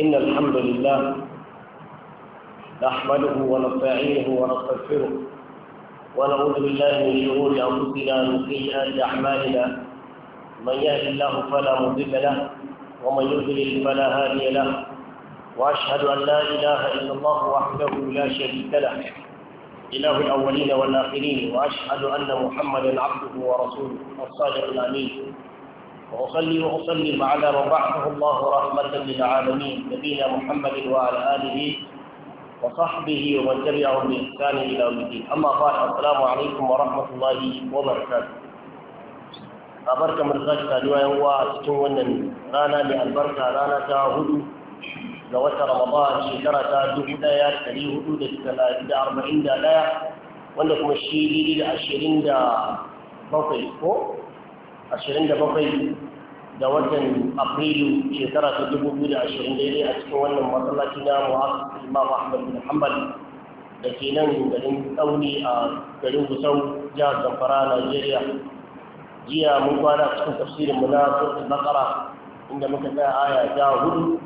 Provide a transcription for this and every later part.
إن الحمد لله نحمده ونستعينه ونستغفره ونعوذ بالله من شرور أنفسنا ومن سيئات أعمالنا من يهد الله فلا مضل له ومن يضلل فلا هادي له وأشهد أن لا إله إلا الله وحده لا شريك له إله الأولين والآخرين وأشهد أن محمدا عبده ورسوله الصادق الأمين وأصلي وأسلم على من بعثه الله رحمة للعالمين نبينا محمد وعلى آله وصحبه ومن تبعهم بإحسان إلى يوم الدين أما بعد السلام عليكم ورحمة الله وبركاته أبارك من ذلك هو وأستوى رانا لألبركة رانا تاهدو لوت رمضان شكرة تاهدو دهدا يا تليه دهدا أربعين دهدا وأنكم الشيء لأشيرين دا بطيء ashirin da bakwai da watan afrilu shekara ta dubu biyu da ashirin daidai a cikin wannan masallaci na muhammadu imam ahmad bin hanbal da ke nan garin tsauni a garin gusau jihar zamfara najeriya jiya mun kwana cikin mu na suratul makara inda muka tsaya aya ta hudu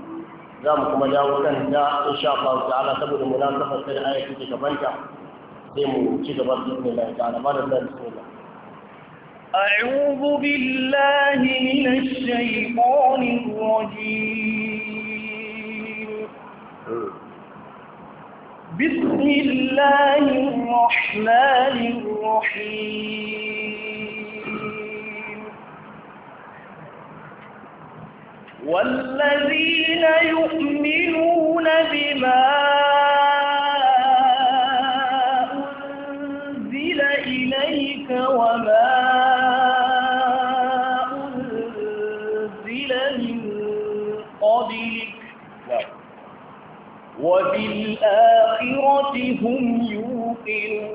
za mu kuma dawo kan ta sha Allah ta'ala saboda munasabar da ayatu da gabanta sai mu ci gaba da Allah ta'ala ba da zai bismillah أعوذ بالله من الشيطان الرجيم بسم الله الرحمن الرحيم والذين يؤمنون الآخرة هم يوقنون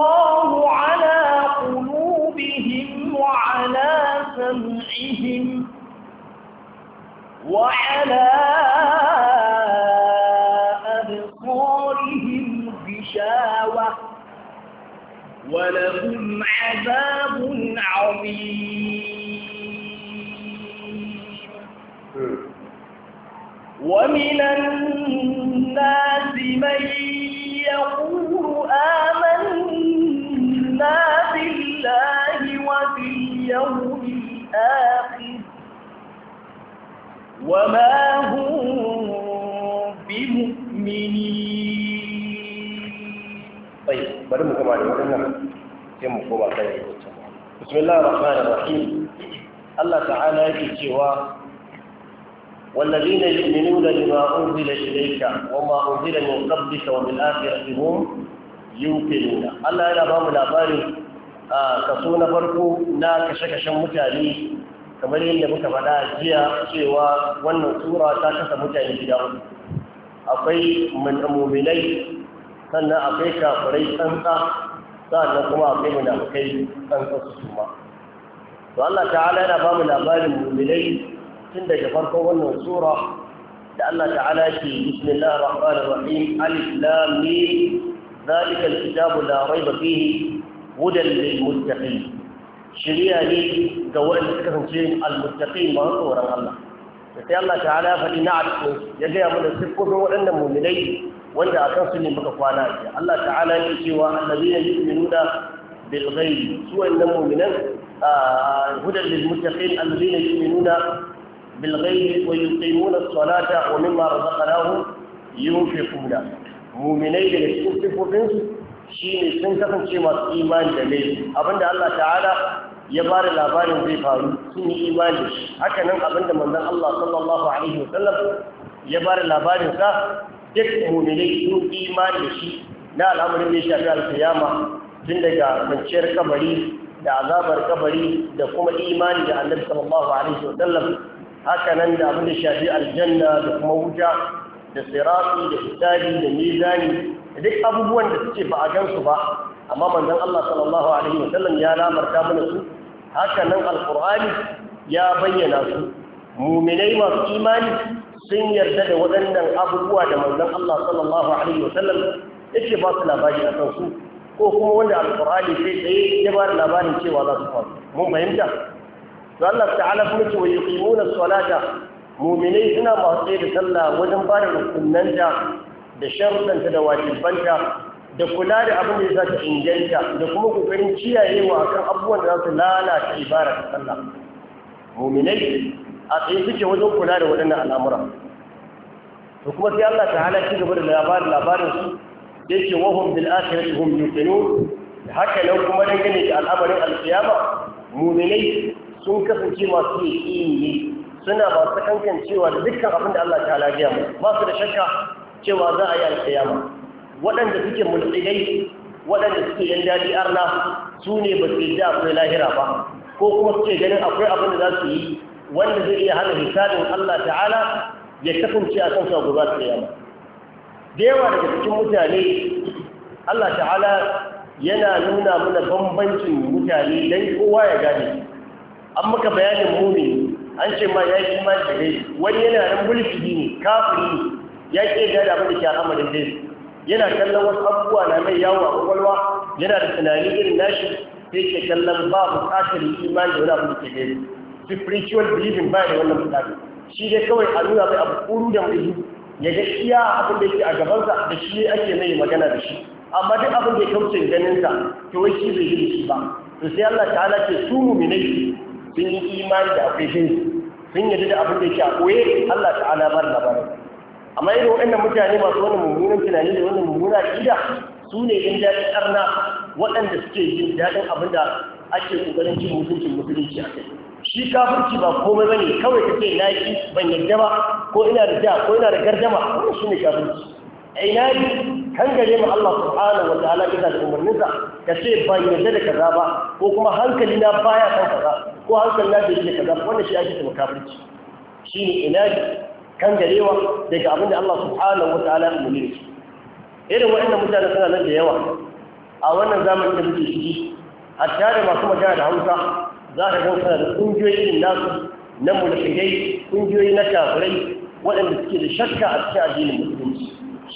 الله على قلوبهم وعلى سمعهم وعلى أبصارهم غشاوة ولهم عذاب عظيم hmm. ومن وما هم بمؤمنين طيب da wannan sai mu koma kan yawancin bismillahir rahmanir rahim Allah ta'ala yake cewa والذين يؤمنون بما أنزل إليك وما أنزل من قبلك وبالآخرة هم يوقنون Allah yana ba mu labarin kaso na farko na kashe-kashen mutane kamar yadda muka faɗa jiya cewa wannan sura ta kasa mutane gida akwai mu'minai sannan akwai kafirai tsantsa sannan kuma akwai munafikai tsantsa su suma to Allah ta'ala yana ba mu labarin mu'minai tun daga farkon wannan sura da Allah ta'ala ke bismillahir rahmanir rahim alif lam mim ذلك الكتاب لا ريب فيه هدى للمتقين shari'a ne ga waɗanda suka kasance almuttaqin masu tsoron Allah da sai Allah ta'ala ya faɗi na ya gaya mana siffofin waɗannan muminai wanda a kan su ne muka kwana a Allah ta'ala ya cewa allazina yu'minuna bil ghaibi su wannan muminan hudan lil muttaqin allazina da bil ghaibi wa yuqimuna as-salata wa mimma razaqnahum yunfiquna muminai daga cikin siffofin su shine sun kasance masu imani da laifi abinda Allah ta'ala ya ba da labarin zai faru sun yi imani haka nan abinda manzon Allah sallallahu alaihi wasallam ya ba da labarin sa duk mu'minai sun imani da shi na al'amarin da ya shafi alkiyama tun daga kwanciyar kabari da azabar kabari da kuma imani da annabi sallallahu alaihi wasallam haka nan da abinda shafi aljanna da kuma wuta da sirafi da fitari da mizani da duk abubuwan da suke ba a gansu ba amma manzon Allah sallallahu alaihi wasallam ya lamarta mana su haka nan alkur'ani ya bayyana su muminai masu imani sun yarda da waɗannan abubuwa da manzon Allah sallallahu alaihi wasallam yake ba su labari a kansu ko kuma wanda alkur'ani sai tsaye ya ba da labarin cewa za su faru mun fahimta to Allah ta'ala kuma ce wa yuqimuna salata muminai suna masu tsaye da sallah wajen ba da rukunanta da sharuɗanta da wajibanta da kula da abin da za ta inganta da kuma kokarin kiyayewa kan abubuwan da za su lalata ibara ta sallah muminai a tsaye suke wajen kula da waɗannan al'amura to kuma sai Allah ta'ala ci gaba da labarin labarin su yake wahum bil akhirati hum yuqinun haka nan kuma dangane da al'amarin alkiyama muminai sun kasance masu ne? suna su kankan cewa da dukkan abin da Allah ta'ala ya ba su da shakka cewa za a yi alkiyama waɗanda suke mulkigai waɗanda suke yan daɗi arna su ne ba su yi akwai lahira ba ko kuma suke ganin akwai abin da za su yi wanda zai iya hana hisabin Allah ta'ala ya kasance a kan shago za su yi da yawa daga cikin mutane Allah ta'ala yana nuna mana bambancin mutane don kowa ya gane an maka bayanin mumi an ce ma ya yi kuma da wani yana nan mulki ne kafiri ya ke gada abin da ke al'amarin dai yana kallon wasu abubuwa na mai yawo a kwakwalwa yana da tunani irin nashi sai ke kallon ba bukatar imani da wani abu da ke gani spiritual believing ba da wannan bukatar shi dai kawai a nuna mai abu kuru da mai ya ga iya abin da yake a gabansa da shi ne ake mai magana da shi amma duk abin da ya kauce ganinsa to wai shi bai yi shi ba to sai Allah ta'ala ce su minai, sun yi imani da akwai sun da abin da yake a koye Allah ta'ala bar labarin amma irin waɗannan mutane masu wannan mummunan tunani da wannan mummunan aƙida su ne yan daɗin ƙarna waɗanda suke jin daɗin abin da ake ƙoƙarin cin mutuncin musulunci a kai shi kafirci ba komai bane kawai kace na yi ban yarda ba ko ina da da ko ina da gardama wannan shine kafirci ai na yi kan gare mu Allah subhanahu wa ta'ala kina da umarninsa ce ban yarda da kaza ba ko kuma hankali na baya kan kaza ko hankali na bai da kaza wannan shi ake Shi kafirci ina inaji kan garewa daga abin da Allah subhanahu wataala ya umarni shi irin waɗannan mutane suna nan da yawa a wannan zamanin da muke ciki A tare masu magana da Hausa za ta ga da kungiyoyi irin nasu na mulkigai kungiyoyi na kafirai waɗanda suke da shakka a cikin addinin musulunci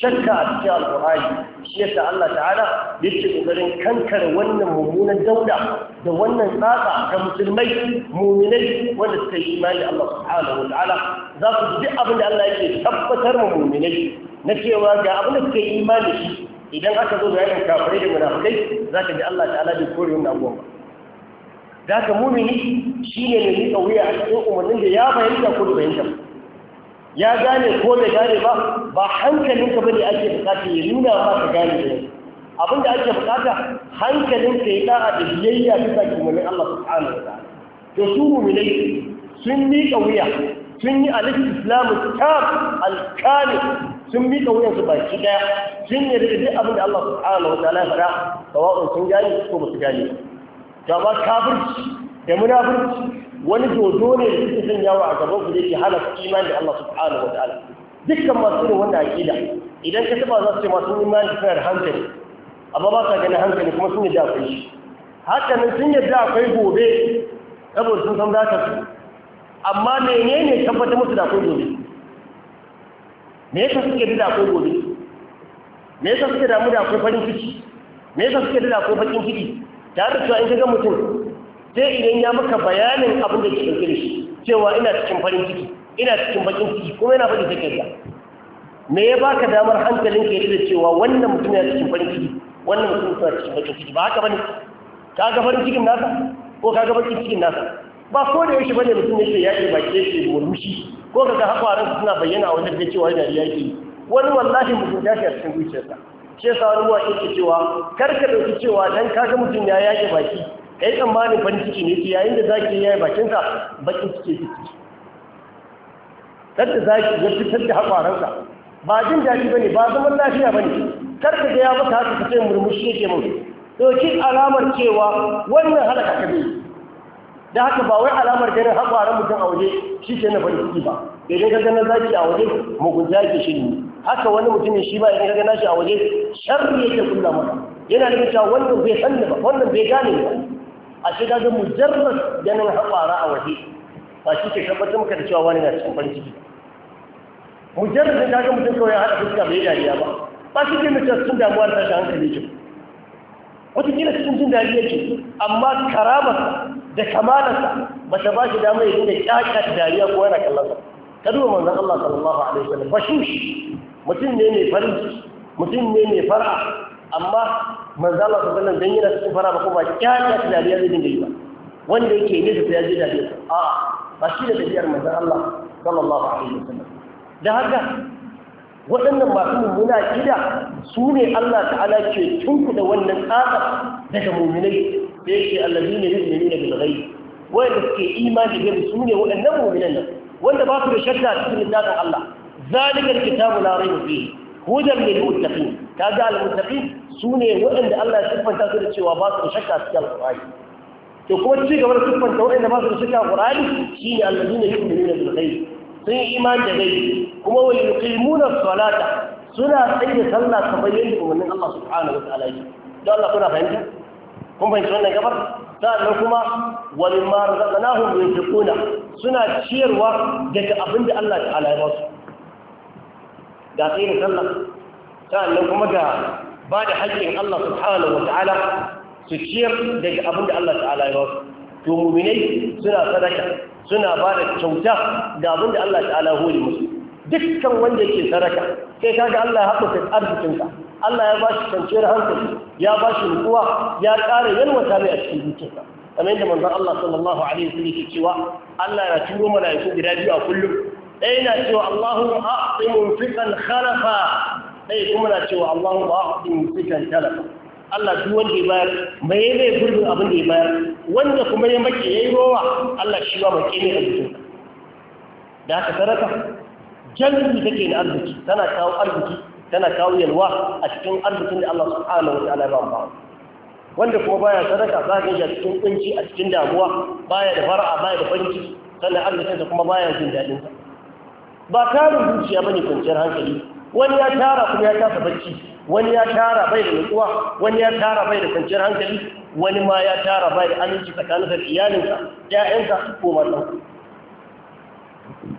shakka a cikin alƙur'ani zuciyar Allah ta'ala yake kokarin kankare wannan mummunan dauda da wannan tsatsa ga musulmai muminai wanda suka yi imani Allah subhanahu wa ta'ala za su ji abin da Allah yake tabbatar ma muminai na cewa ga abin da suka yi imani shi idan aka zo bayanin kafirai da munafikai za ka ji Allah ta'ala bai kore wannan abubuwa da haka mumini shine ne mai wuya a cikin umarnin da ya fahimta ko da fahimta ya gane ko bai gane ba ba hankalinka bane ake bukata ya nuna ba ka gane ne abinda ake bukata hankalinka ya da'a da biyayya ta saki mun Allah subhanahu wa ta'ala to su mu'minai sun miƙa wuya sun yi alif islamu tab alkali sun miƙa wuyansu baki ɗaya sun yi da duk abin da Allah subhanahu wa ta'ala ya faɗa sawa'un sun gane ko ba su gane ba kafirci da munafirci wani dodo ne da suke sanyawa a gaban ku da hana ku imani da Allah subhanahu wa ta'ala dukkan masu irin wannan aqida idan ka taba za su ce masu imani suna da hankali amma ba ka ganin hankali kuma sun yadda akwai shi haka nan sun yadda akwai gobe saboda sun san zaka su amma menene tabbatar musu da akwai gobe me yasa suke da akwai gobe me yasa suke damu da akwai farin ciki me yasa suke da akwai bakin ciki tare da cewa in ka ga mutum sai idan ya maka bayanin abin da ke ɗauke da shi cewa ina cikin farin ciki ina cikin bakin ciki kuma yana faɗi ta ƙarya me ya baka damar hankalin ka da cewa wannan mutum yana cikin farin ciki wannan mutum yana cikin bakin ciki ba haka bane ka ga farin cikin nasa ko ka ga bakin cikin nasa ba ko da yake bane mutum yake ya ke baki yake murmushi ko ka ga ran suna bayyana a wajen da cewa yana riya yake wani wallahi mutum ya shi a cikin zuciyarsa shi yasa wani ruwa yake cewa kar ka ɗauki cewa dan ka ga mutum ya yake baki kai tsammanin farin ciki ne ke yayin da zaki yayi bakinsa bakin ciki ciki tadda zaki ya fitar da haƙwaransa ba jin daɗi ba ne ba zaman lafiya ba ne karka da ya mata haka kace murmushi yake to ɗauki alamar cewa wannan halaka ka ne da haka ba wai alamar ganin haƙwaran mutum a waje shi ke na farin ciki ba idan ka gana zaki a waje mugunta yake shi ne haka wani mutumin shi ba idan ka gana shi a waje sharri yake kulla maka yana nufin cewa wannan bai sanni ba wannan bai gane ba a shiga ga mujarrad ganin haɓara a waje ba shi ke tabbatar maka da cewa wani na cikin farin ciki mujarrad da ga mutum kawai haɗa fuska bai dariya ba ba shi ke mutum sun damuwa da tashin hankali ce wataƙila cikin jin dariya ce amma karamarsa da kamalarsa ba ta ba shi damar ya dinga ƙyaƙa dariya ko yana kallon sa ka duba manzon Allah sallallahu alaihi Ba bashush mutum ne mai farin mutum ne mai fara amma manzala su sallan dan yana cikin fara ba ko ba kyakya ta dariya zai dinga yi ba wanda yake ne da ya je dariya a ba shi da tafiyar manzan Allah sallallahu alaihi wasallam da haka waɗannan masu mummuna ƙida su ne Allah ta'ala ke tunkuɗa wannan tsatsa daga muminai da yake allazi ne yin nemi na bilgai wanda suke imani gari su ne waɗannan muminan nan wanda ba su da shakka a cikin littafin Allah zalikar kitabu la raiba fihi hudan lil muttaqin kaga al muttaqin su ne waɗanda Allah ya siffanta su da cewa ba su da shakka cikin alƙur'ani to kuma ci gaba da siffanta waɗanda ba su da shakka alƙur'ani shine allazina yu'minuna bil ghaib sun yi iman da gaibi kuma wa yuqimuna salata suna tsaye sallah kamar yadda umarnin Allah subhanahu wa ta'ala yake don Allah kuna fahimta kun fahimci wannan gabar sannan kuma wa mimma razaqnahum yunfiquna suna ciyarwa daga abinda Allah ta'ala ya ba su ga tsaye sallah sannan kuma ga ba da haƙƙin Allah subhanahu wa ta'ala su ciyar daga abin da Allah ta'ala ya wasu to muminai suna sadaka suna ba da kyauta ga abin da Allah ta'ala hori musu dukkan wanda yake sadaka sai kaga Allah ya haɓaka arzikinka Allah ya ba shi kwanciyar hankali ya ba shi rukuwa ya ƙara yalwata mai a cikin zuciyarsa kamar yadda manzon Allah sallallahu alaihi wasallam yake cewa Allah ya turo mala'iku guda biyu a kullum ɗaya na cewa Allahumma a'ti munfiqan khalafa sai kuma na cewa ba Allahu ba'd musikan talaba Allah duk wanda ya bayar mai mai gurbin abin da ya bayar wanda kuma ya maki yayi rowa Allah shi ba maki ne a jikin da haka saraka jalli take na arziki tana kawo arziki tana kawo yalwa a cikin arzikin da Allah subhanahu wa ta'ala ba mu wanda kuma baya sadaka za ka yi a cikin kunci a cikin damuwa baya da fara'a baya da farin ciki sannan arzikinsa kuma baya jin daɗinsa ba tarin zuciya bane kwanciyar hankali wani ya tara kuma ya kasa bacci wani ya tara bai da nutsuwa wani ya tara bai da kwanciyar hankali wani ma ya tara bai da aminci tsakanin da iyalinsa ƴaƴansa ko matan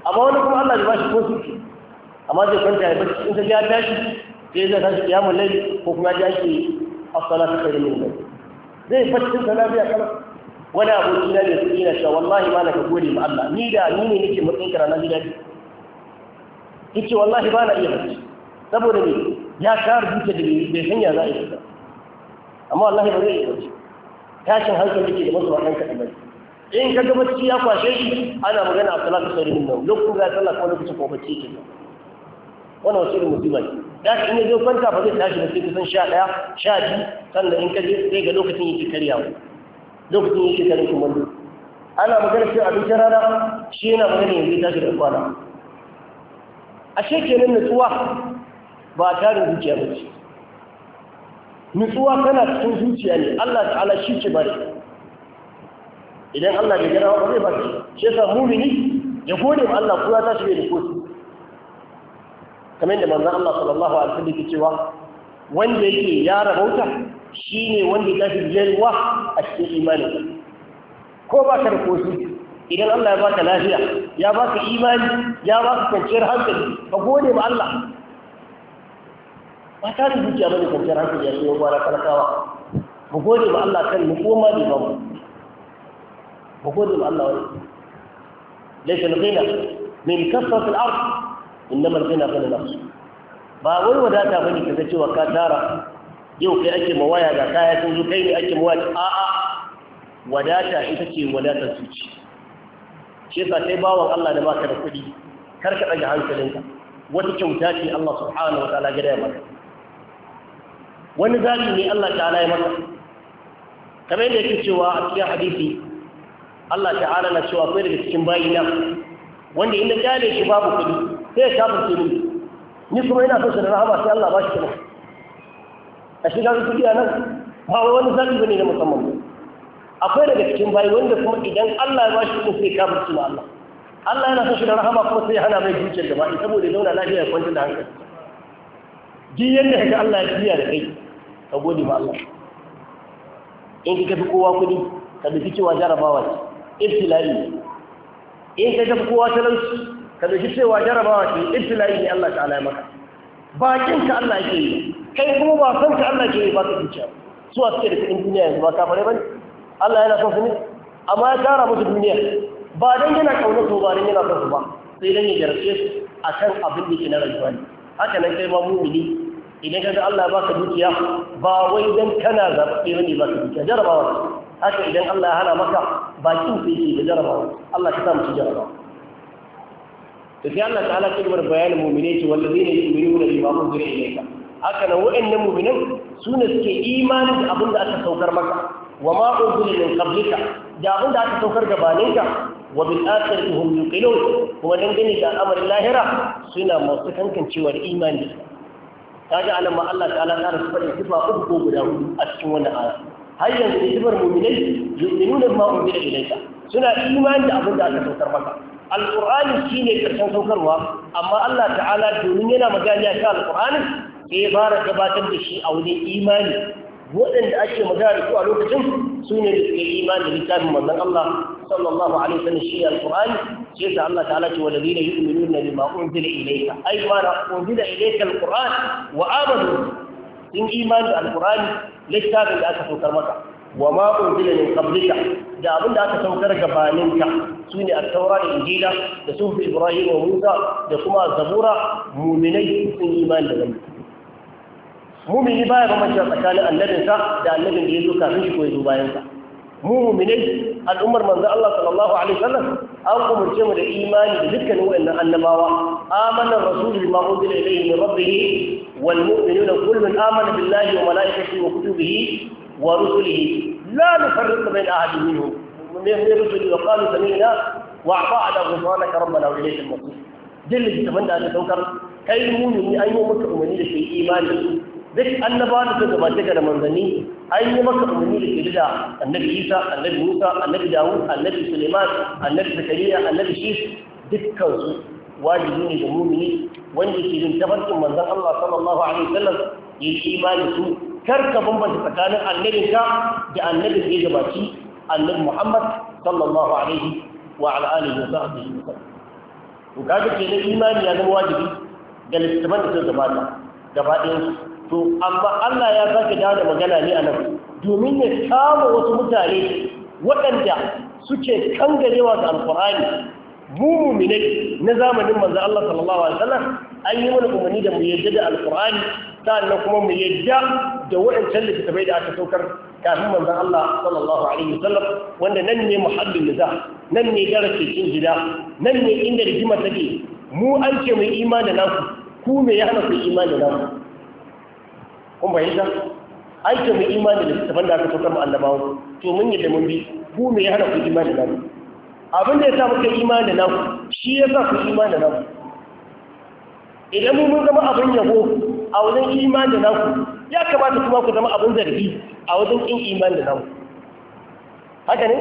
amma wani kuma Allah ya bashi shi kosu amma zai kwanta ya bacci in ka ya tashi sai zai tashi ya mallai ko kuma ya tashi as ta kai min an zai fatin salafiya kana wani abokina ne su ina sha wallahi ma na ka gode ma Allah ni da ni ne nake mutunkara na gidaje yace wallahi ba na iya bacci saboda ne ya ka duka da bai hanya za a yi ba amma wallahi ba zai iya bacci tashin hankali ke da masu ba kanka da in ka ga bacci ya kwashe shi ana magana a salatu sai min nan lokacin da sallah ko lokacin ko bacci ke wannan wasu irin musiba ce da in ya zo kwanta ba zai tashi ba sai kusan sha ɗaya sha biyu sannan in ka je sai ga lokacin yake karyawa lokacin yake karin kumallo ana magana cin abincin rana shi yana magana yanzu ya tashi da kwana ashe kenan nutsuwa ba tarin zuciya ba ce nutsuwa tana cikin zuciya ne Allah ta'ala shi ke bari idan Allah bai gina ba zai ba ce shi yasa mumini ya gode ba Allah kuma ta shige da kotu kamar da manzon Allah sallallahu alaihi wasallam yake cewa wanda yake ya rabauta shine wanda ya tafi jeruwa a cikin imanin ko ba ka da kotu idan Allah ya baka lafiya ya baka imani ya baka kwanciyar hankali ka gode ma Allah ba ta da zuciya bane kwanciyar hankali ya shi yawa gwara talakawa mu gode ma Allah kan mu koma da ba mu gode ma Allah wani laifin gina ghina min kasrat al-ard innama na ghina ghina nafs ba wai wadata bane kaga cewa ka tara yau kai ake mawaya da kaya sun zo kai ne ake mawaya a'a wadata ita ce wadatar zuciya shi yasa kai bawan Allah da baka da kuɗi kar ka ɗaga hankalinka wata kyauta ce Allah subhanahu wa ta'ala gida ya maka wani zaɓi ne Allah ta'ala ya maka kamar yadda yake cewa a cikin hadisi Allah ta'ala na cewa akwai daga cikin bayina wanda inda kyale shi babu kuɗi sai ya kafin su ni kuma yana so shi da rahama sai Allah ba shi kuma a shiga su kuɗi a nan ba wani zaɓi ba ne na musamman ba. akwai daga cikin bayi wanda kuma idan Allah ya ba shi sai kafin ma Allah Allah yana son shi da rahama kuma sai hana mai dukiyar da ba'i saboda zauna lafiya ya kwanci da hankali duk yadda kaga Allah ya fiya da kai ka gode ma Allah in ka fi kowa kuɗi ka bi cewa jarabawa ce ibtila'i ne in ka fi kowa talansu ka bi cewa jarabawa ce ibtila'i ne Allah ta'ala ya maka bakin ka Allah yake yi kai kuma ba san ka Allah ke yi ba ka zuciya su a suke da kuɗin duniya yanzu ba ka ba ne Allah yana son su ne amma ya tara musu duniya ba dan yana kauna su ba dan yana son su ba sai dan ya jarce su akan abin da ke na rayuwa ne haka nan kai ma mu'mini idan kaga Allah baka dukiya ba wai dan kana zabe bane ka dukiya jarabawa haka idan Allah ya hana maka kin sai ke da jarabawa Allah ka sa mu jarabawa to sai Allah ta'ala ke bar bayanin mu'mini ce wallazina yu'minuna bima unzila ilayka haka nan wa'annan mu'minan sune suke imani da abin da aka saukar maka wa ma unzila min qablika da abin da aka saukar gabaninka wa bil akhirati hum yuqinun kuma dangane da al'amarin lahira suna masu kankancewar imani kaga anan ma Allah ta'ala ta rasu fadin sifa uku ko guda hudu a cikin wannan aya har yanzu da sifar mu'minai yuqinuna ma unzila ilayka suna imani da abin da aka saukar maka alqur'ani shine karshen saukarwa amma Allah ta'ala domin yana magana ta alqur'ani sai ya fara gabatar da shi a wani imani waɗanda ake magana da su a lokacin su ne da suke imani littafin manzon Allah sallallahu alaihi wasallam shi alqur'ani sai da Allah ta'ala ce walladina yu'minuna bima unzila ilayka ay ma unzila ilayka alqur'an wa amanu sun imani da alqur'ani littafin da aka saukar maka wa ma unzila min qablika da abin da aka saukar gabaninka su ne at-taura da injila da sufi ibrahim wa musa da kuma zabura mu'minai sun imani da wannan mumini baya bambanci tsakanin annabinsa da annabin da ya zo kafin shi ko ya zo bayansa. mu muminai al'ummar manzo Allah sallallahu alaihi wasallam an umurce mu da imani da dukkanin wayannan annabawa amana rasulu bima unzila ilayhi min rabbih wal mu'minuna kullun amana billahi wa malaikatihi wa kutubihi wa rusulihi la nufarriqu bain ahadin minhum min rusuli wa qalu sami'na wa ata'na ghufranaka rabbana wa ilayka al-masir dillin da aka saukar kai mu'mini an yi maka umarni da kai duk annaba da suka gabata ga manzanni an yi maka umarni da kirida annabi isa annabi musa annabi dawud annabi suleiman annabi zakariya annabi shis dukkan su wajibi ne ga mumini wanda ke jin tafarkin manzan Allah sallallahu alaihi wasallam ya yi imani su kar ka bambanta tsakanin annabinka da annabin da ya gabaci annabi Muhammad sallallahu alaihi wa ala alihi wa sahbihi wa sallam to kaga kenan imani ya zama wajibi ga littafan da suka gabata gaba ɗayan su to amma Allah ya sake dawo da magana ne a nan domin ya kama wasu mutane waɗanda suke kangarewa ga alkur'ani mu mumine na zamanin manzo Allah sallallahu alaihi wasallam an yi mana umarni da mu yadda da alkur'ani sannan kuma mu yadda da waɗancan littattafai da aka saukar kafin manzo Allah sallallahu alaihi wasallam wanda nan ne muhallin niza nan ne darasin gida nan ne inda rigima take mu an ce mu imani da naku ku me ya hana ku imani da naku kun bayyana ai to mai imani da littafin da aka saukar mu annabawa to mun yi da mun bi ku me ya hana ku imani da mu abin da ya sa muka imani da ku, shi ya sa ku imani da ku. idan mu mun zama abin yabo a wajen imani da ku, ya kamata kuma ku zama abin zargi a wajen kin imani da ku. haka ne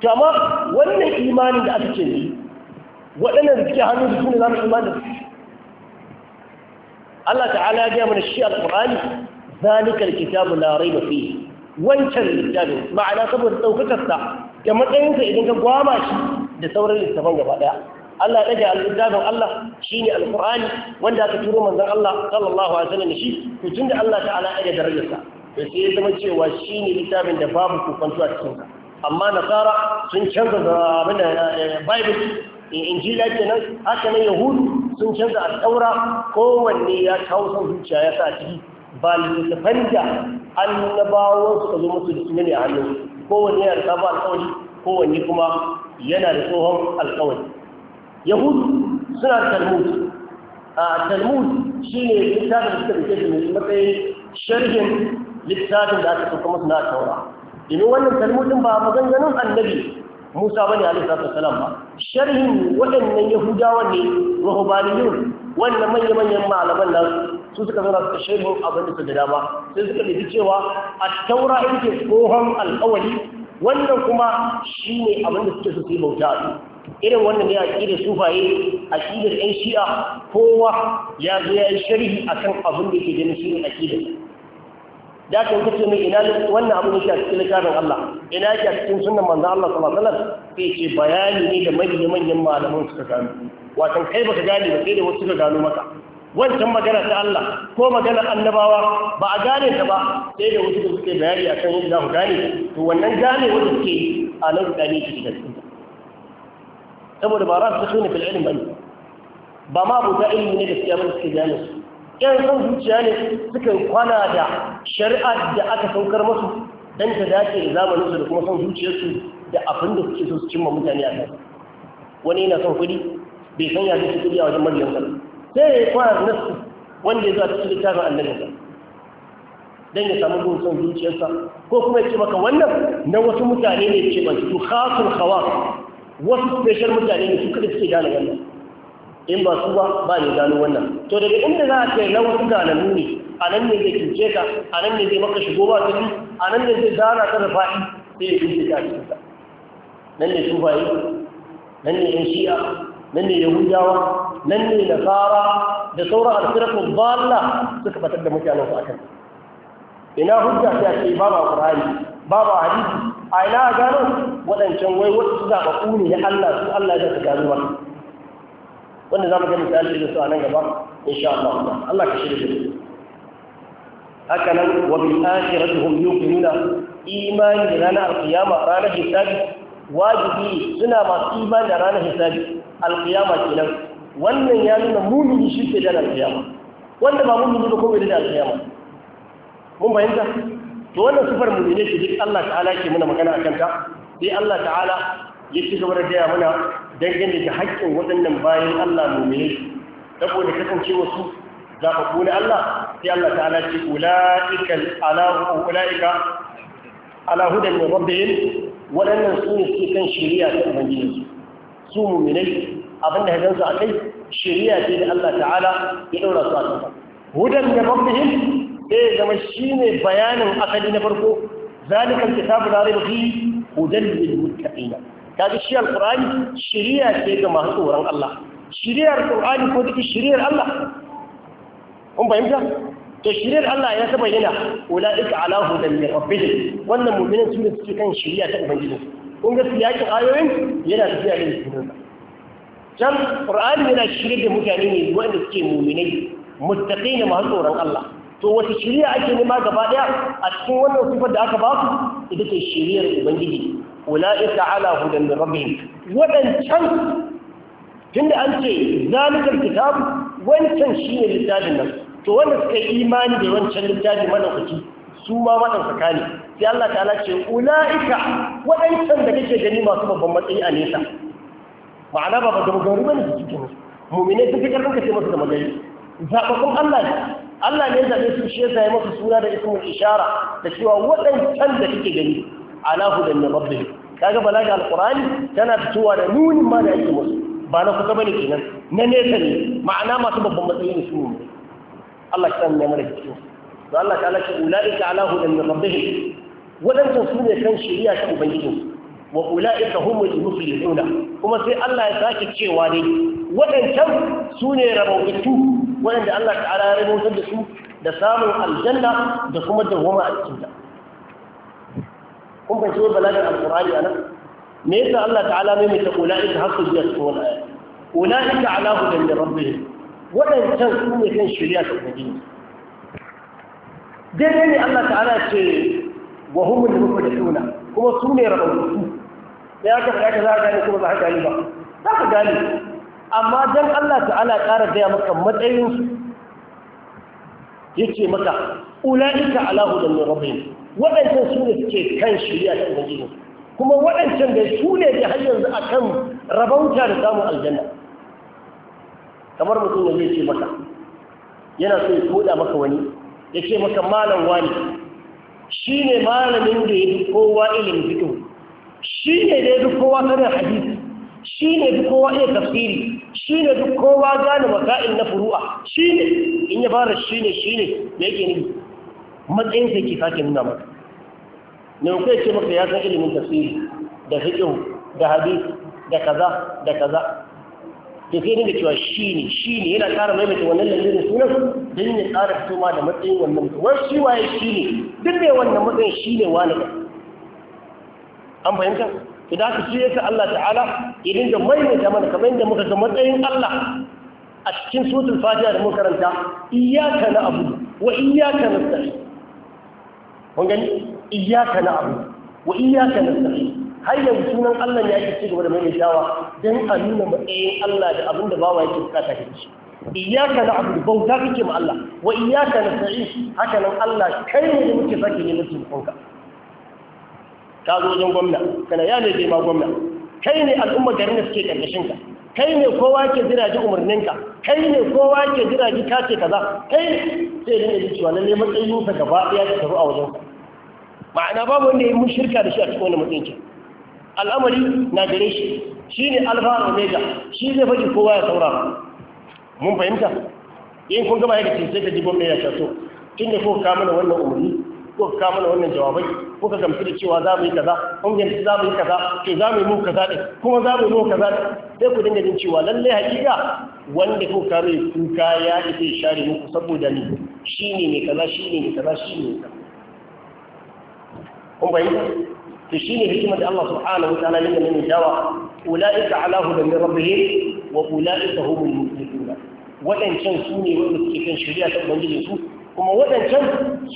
to amma wannan imanin da aka ce ni waɗannan da suke hannu da su ne za mu imani da su Allah ta'ala ya gaya mana shi alqur'ani zalikal kitabu la raiba fihi wancan littafin ma'ana saboda daukakar sa da matsayinsa idan ka gwama shi da sauran littafan gaba daya Allah ya daga littafin Allah shine alqur'ani wanda aka turo manzon Allah sallallahu alaihi wasallam shi to tunda Allah ta'ala ya daga darajarsa to sai ya zama cewa shine littafin da babu kokonto a cikin sa amma nasara sun canza abin da eh, bible eh, injila kenan haka nan yahudu sun canza al'aura kowanne ya kawo son zuciya ya sa ciki ba littafan da annabawan suka zo musu da su ne a hannun kowanne ya rasa ba alkawari kowanne kuma yana da tsohon alkawari yahudu suna da talmud a talmud shi ne littafin da suka rike da matsayin sharhin littafin da aka tsoka musu na taura domin wannan talmudin ba maganganun annabi musa bane alaihi salatu wasalam ba sharhin waɗannan yahudawa ne rahobaniyun wannan manya-manyan malaman nan su suka zama suka sharhin abin da su gada ba sai suka nufi cewa a taura yake tsohon alkawari wannan kuma shi ne abin da suke su bauta a irin wannan ne a ƙidar sufaye a ƙidar 'yan shi'a kowa ya zo ya yi sharhi akan abin da ke ganin shi ne a ƙidar da kan kace mai ina wannan abu ne a cikin littafin Allah ina yake a cikin sunnan manzon Allah sallallahu alaihi wasallam sai ce bayani ne da manyan manyan malaman suka gano wato kai baka gane ba sai da wasu suka gano maka wancan magana ta Allah ko magana annabawa ba a gane ta ba sai da wasu suke bayani akan yadda za ku gane to wannan gane wanda suke a nan gane shi da cikin saboda ba ra su sune fil ilmi ba ma abuta ilmi ne da suke gane su yan son zuciya ne suka kwana da shari'a da aka saukar masu don ta dace da zamanin su da kuma son zuciyarsu da abin da suke so su cimma mutane a kan wani yana son kuɗi bai san ya su kuɗi a wajen mabiyansa sai ya yi kwana da nasu wanda ya zuwa cikin littafin yanzu. don ya samu gun son zuciyarsa ko kuma ya ce maka wannan na wasu mutane ne ce ban su khasul khawa wasu special mutane ne su kada suke gane wannan in ba su ba ba ne gano wannan to daga inda za a ce na wasu gananu ne a nan ne zai cuce ka a nan ne zai maka shigo ba tafi a nan ne zai dara ta da faɗi sai ya cuce ta cikin ka nan ne sufaye nan ne yan shi'a nan ne yahudawa nan ne nasara da sauran alfiratu bala suka fatar da mutanen su akan ina hujja ta ce ba ba qur'ani ba ba hadisi a ina gano wadancan wai wasu zaɓaɓɓu ne na Allah su Allah ya gano wani wanda za mu ga misali da su a nan gaba insha Allah Allah ka shirya da haka nan wa bil akhirati hum yuqinuna imani da ranar alqiyama ranar hisabi wajibi suna masu imani da ranar hisabi alqiyama kenan wannan ya nuna mumini shi ke da alqiyama wanda ba mumini ba ko bai da alqiyama mun bayyana to wannan sifar mumini ce duk Allah ta'ala ke muna magana akan ta sai Allah ta'ala ya ci gaba da gaya mana dangane da haƙƙin waɗannan bayan Allah mummune saboda kasancewa su zaɓaɓɓu na Allah sai Allah ta'ala ce ula'ika alahu ula'ika ala hudan min waɗannan su ne suke kan shari'a ta ubangiji su muminai abinda su a kai, shari'a ce da Allah ta'ala ya ɗaura su a kan hudan min rabbihim sai zama ne bayanin asali na farko zalikal kitabu la raiba fihi hudan lil muttaqina kaga shi Alƙur'ani shiriya ce ga masu tsoron Allah shiriyar Alƙur'ani ko take shiriyar Allah kun fahimta to shiriyar Allah ya ta bayyana ulaika ala hudan min rabbihim wannan mu'minin su ne suke kan shiriya ta ubangiji kun ga siyakin ayoyin yana tafiya da sunan can qur'ani yana shirye da mutane ne wanda suke mu'minai muttaqin masu tsoron Allah to wata shiriya ake nema gaba daya a cikin wannan sifar da aka ba su ita ce shiriyar ubangiji ula'ika ala hudan min rabbihim wadancan tunda an ce zalikal kitab wancan shine littafin nan to wanda suka yi imani da wancan littafin madaukaki su ma madaukaka ne sai Allah ta'ala ce ula'ika wadancan da kake gani masu babban matsayi a nesa ma'ana ba ba da magari bane su cikin mu'minai sun fi karfin ka sai masu da magari zaɓaɓɓun Allah ne Allah ne zaɓe su shi ya masu suna da ismul ishara da cewa waɗancan da kake gani ala hudan min rabbihim kaga balaga alqur'ani tana fitowa da nunin ma da yake musu ba na kusa bane kenan na nesa ne ma'ana masu babban matsayi ne su Allah ya san ne mara to Allah ta'ala ce ulaika ala hudan min rabbihim wadansu su ne kan shari'a ta ubangijinsu wa ula'ika humul muflihuna kuma sai Allah ya sake cewa ne waɗancan su ne rabautattu waɗanda Allah ta'ala ya rabautar da su da samun aljanna da kuma dawwama a cikin kun fahimci wani balagin alƙur'ani a nan me yasa Allah ta'ala mai mai ta ula'ika har su biya su wani aya ula'ika ala hudan da rabbihim waɗancan su ne kan shirya ta ubangiji daidai ne Allah ta'ala ce wa humun da muku da suna kuma su ne rabautu da ya kafa ka za ka gane kuma ba ka gani ba za ka gani. amma dan Allah ta'ala ƙara gaya maka matsayinsu ya ce maka ula'ika ala hudan da rabbihim waɗancan su ne ke kan shirya ta ubangiji kuma waɗancan da su ne da har yanzu a kan rabauta da samun aljanna kamar mutum da zai ce maka yana so ya koda maka wani ya ce maka malam wani shi ne malamin da ya fi kowa ilimin fito shi ne da ya fi kowa sanin hadisi shi ne fi kowa iya tafsiri shi ne fi kowa gane maka'in na furu'a shi ne in ya fara shi ne shi ne da yake nufi matsayin sai ke sake nuna maka ne ku ce maka ya san ilimin tafsiri da fiqh da hadisi da kaza da kaza to sai ne cewa shine shine yana ƙara maimaita wannan lamarin sunan dan ya ƙara fitowa da matsayin wannan wai shi waye shine duk ne wannan matsayin shine wani an fahimta to da haka shi yasa Allah ta'ala idan da mai zaman kamar yadda muka ga matsayin Allah a cikin suratul fatiha da muka karanta iyyaka na'budu wa iyyaka nasta'in kun gani na abu wa iyyaka nasta'in har yanzu sunan Allah ya yake ci gaba da mai shawa dan a nuna matsayin Allah da abin da bawa yake bukata da shi iyaka na abu bauta kake ma Allah wa iyyaka nasta'in haka nan Allah kai ne muke sake ne mutum kunka ka zo wajen gwamna kana ya ne ma gwamna kai ne al'umma garin da suke karkashin ka kai ne kowa ke jiraji umarninka kai ne kowa ke jiraji ka ce kaza kai sai da ne cewa lalle matsayin sa gaba ya ta taru a wajen ma'ana babu wanda yayi mun shirka da shi a cikin wannan matsayin al'amari na gare shi shine alfa omega shi zai faɗi kowa ya saurara mun fahimta yin kun gaba yake sai ka ji gwamnati ya ce to tunda ko ka mana wannan umarni ko ka mana wannan jawabai kuka gamsu da cewa za mu yi kaza kun gamsu za mu yi kaza to za mu yi mu kaza din kuma za mu yi mu kaza sai ku dinga jin cewa lalle hakika wanda kuka kare kuka ya ita share muku saboda ni shi ne mai kaza shi ne kaza shi ne kaza kun bayyana to shi ne hikimar da Allah subhanahu wa ta'ala yake nuna dawa ulaika ala hudan min rabbihim wa ulaika humul muflihun wadancan su ne wanda suke kan shari'a ta ubangiji su kuma wadancan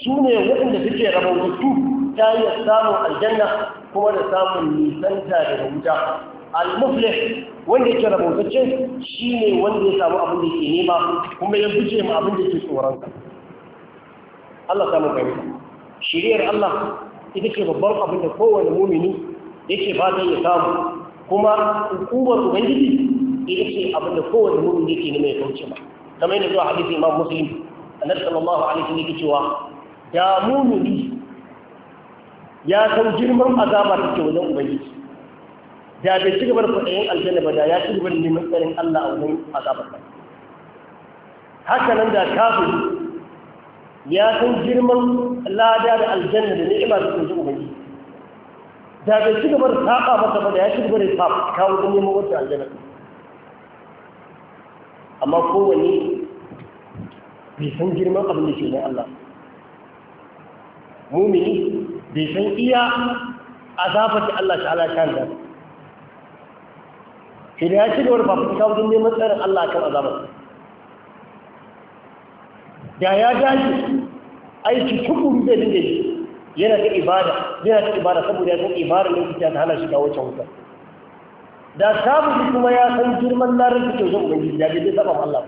su ne wadanda suke rabautattu ta yi samun aljanna kuma da samun nisanta da wuta al-muflih wanda yake rabotacce shine wanda ya samu abin da ke nema kuma ya guje ma abin da ke tsoron ka Allah samu fahimta shiriyar Allah ita ce babban abin da kowane mumini yake fata ya samu kuma hukumar ubangiji ita ce abin da kowane mumini yake nema ya kauce ba kamar yadda zuwa hadisi imam muslim annabi sallallahu alaihi wa sallam yake cewa da mumini ya san girman azaba ta ke wajen ubangiji da bai ci gaba da fadin aljanna ba da ya ci gaba da neman tsarin allah a wajen azabar ba haka nan da kafin ya san girman lada da aljanna da ni'ima da wajen ubangiji da bai ci gaba da saba masa ba da ya ci gaba da saba kawo don neman wata aljanna amma kowanne bai san girman abin da ke wajen allah mumini bai san iya a zafafi Allah ta'ala ta riga shi da ya ci da da fafutuka wajen neman tsarin Allah kan azabar da ya dace aiki tukuru da dinga yana ta ibada yana ta ibada saboda ya san ibada ne ta hana shiga wacce wuta da shi kuma ya san girman larar da kyau zan ubangiji da bai saba Allah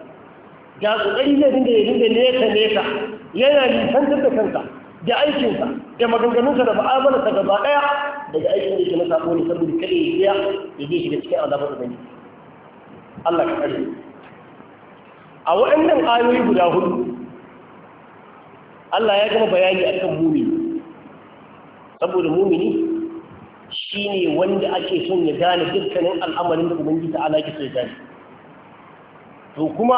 da kokari zai dinga ya dinga nesa nesa yana nisantar da kanka da aikinsa da maganganunsa da ma'amalarsa gaba ɗaya daga aikin da ke na sabo ne saboda kada ya biya ya je shiga cikin azabar ubangiji Allah ka kare a waɗannan ayoyi guda hudu Allah ya gama bayani a kan mumini saboda mumini ne wanda ake son ya gane dukkanin al'amarin da ubangiji ta ala ke so ya gane to kuma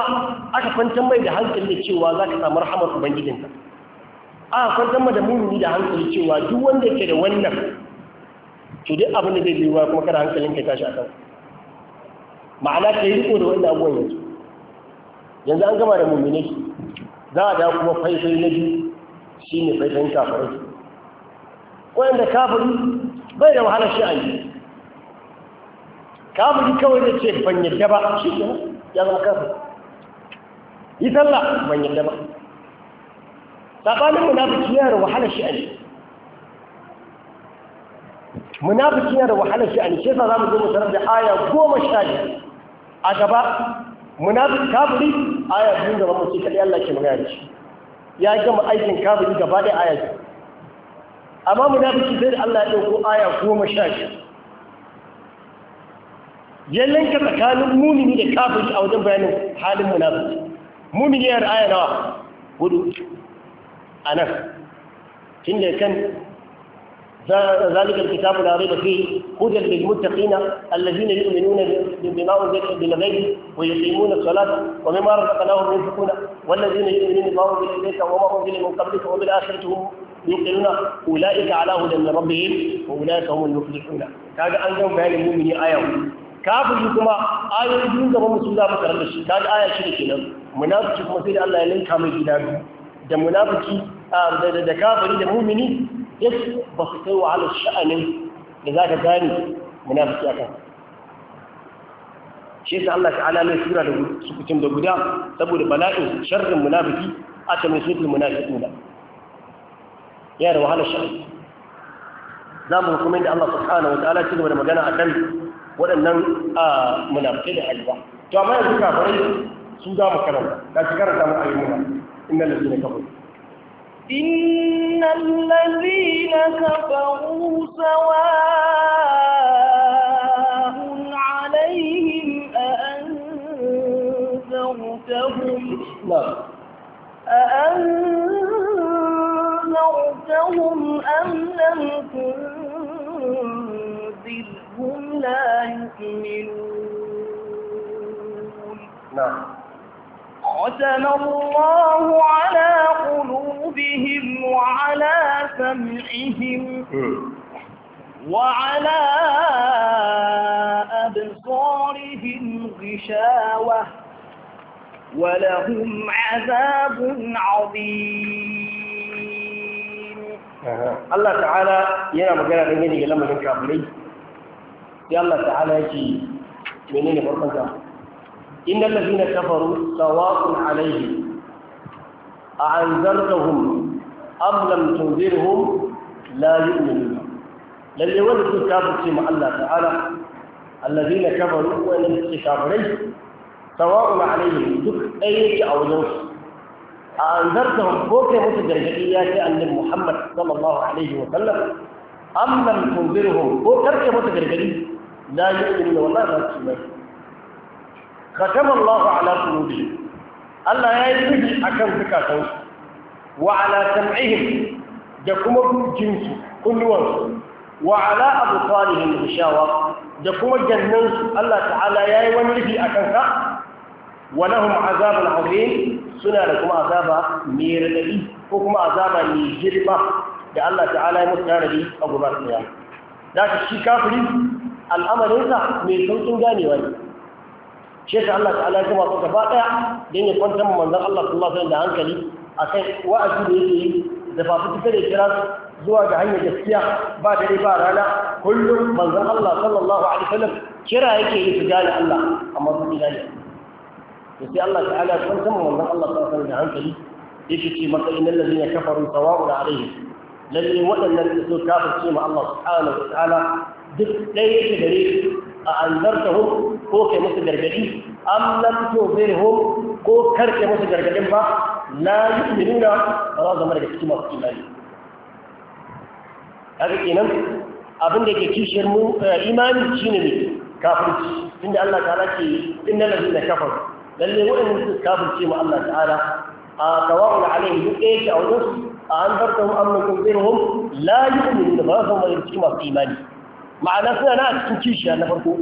aka kwantar mai da hankali da cewa za ka samu rahamar ubangijinka a zama da mumini da hankali cewa duk wanda yake da wannan to duk abin da zai wa kuma kada hankalin ka tashi akan ma'ana ka yi riko da wannan abuwan yanzu yanzu an gama da mumini za a da kuma faifai na biyu shi ne faifayin Ko wanda kafiri bai da wahala a yi. kafiri kawai da ce ban yadda ba shi ke ya zama kafiri yi sallah ban yadda ba sabanin munafiki yana da wahala sha'ani munafiki yana da wahala sha'ani shi yasa zamu zo mu tarar da aya goma sha a gaba munafiki kafiri aya biyu gaba mu ce kadai Allah ke magana da shi ya gama aikin kafiri gaba ɗaya aya biyu amma munafiki zai da Allah ya dauko aya goma sha ya lanka tsakanin mumini da kafiri a wajen bayanin halin munafiki mumini yana da aya nawa hudu a nan tun da kan zalikar kitabu da rai da fi hujjar da mutu kina allazi ne yi nuna da bima'un da ke bila gai ko yi limu na salat ko mai mara da kalawar kuna wallazi ne yi nuna bima'un da ke kawo ma'un da ke mun karbi kawo da asir tuhu yukiluna ula'ika ala hu da mai rabbi yi ko ula'ika mun yukili kuna ta ga an gama bayanin mumini a yau kafin kuma ayoyi biyu gaba musu za mu karar da shi ta ga aya shi ke nan munafi kuma sai da allah ya linka mai gida biyu da munafiki ah, da kafiri da mumini duk ba su kai wa wahalar sha'anin da za ka gani munafiki a kan shi yasa Allah ta'ala ne sura da sukucin da guda saboda bala'in sharrin munafiki a ta mai sutul munafiquna yana da wahalar sha'ani za mu hukumin da Allah subhanahu wa ta'ala ci gaba da magana akan waɗannan ah, munafikai da alba to amma yanzu kafirai su za mu karanta da su karanta mu ayyuka إن الذين كفروا إن الذين كفروا سواء عليهم أأنذرتهم أأنذرتهم أم لم تنذرهم لا يؤمنون نعم ختم الله على قلوبهم وعلى سمعهم وعلى أبصارهم غشاوة ولهم عذاب عظيم الله تعالى ينا مجرد مني لما نكافرين يا الله تعالى يجي منين فرقنا إن الذين كفروا سواء عليهم أعنذرتهم أم لم تنذرهم لا يؤمنون للي ولد كافر مع الله تعالى الذين كفروا وإن الاستكابرين سواء عليهم دك أيك أو نوش أعنذرتهم بوك متجرجئيات أن محمد صلى الله عليه وسلم أم لم تنذرهم بوك متجرجئي لا يؤمنون والله لا تؤمنون khatama Allahu ala qulubihim Allah ya yi rufi akan zukatansu wa ala sam'ihim da kuma jinsu kunnuwansu wa ala absarihim bishawa da kuma jannansu Allah ta'ala ya yi wani rufi akan ka wa lahum azabun suna da kuma azaba mai radadi ko kuma azaba mai girma da Allah ta'ala ya musu tanadi a gobe tsaya da shi kafiri al'amarinsa mai saukin ganewa ne shi Allah ta'ala ya kuma gaba daya dan ya kwantar manzan Allah sallallahu alaihi da hankali a kai wa'azi da yake yi da fafutuka da kira zuwa ga hanyar gaskiya ba dare ba rana kullum manzan Allah sallallahu alaihi wasallam kira yake yi su gane Allah amma su gane to sai Allah ta'ala ya kwantar manzan Allah sallallahu alaihi da hankali ya yake ce maka innal ladina kafaru sawa'un alaihim lalle waɗannan da su kafirce ma Allah subhanahu wa ta'ala duk ɗaya yake gare a anzartahum ko kai musu gargadi am lam tunzirhum ko karke musu gargadin ba yi yu'minuna ba za zama daga cikin masu imani haka kenan abin da ke kishiyar mu imani shine ne kafirci inda Allah ta'ala ke innal ladina kafaru lalle wa'annan su kafirce mu Allah ta'ala a tawa'un alaihi duk ɗaya ke a wajen su a anzartahum am lam tunzirhum la yu'minuna ba za zama daga cikin masu imani ma'ana suna na a cikin kishiya na farko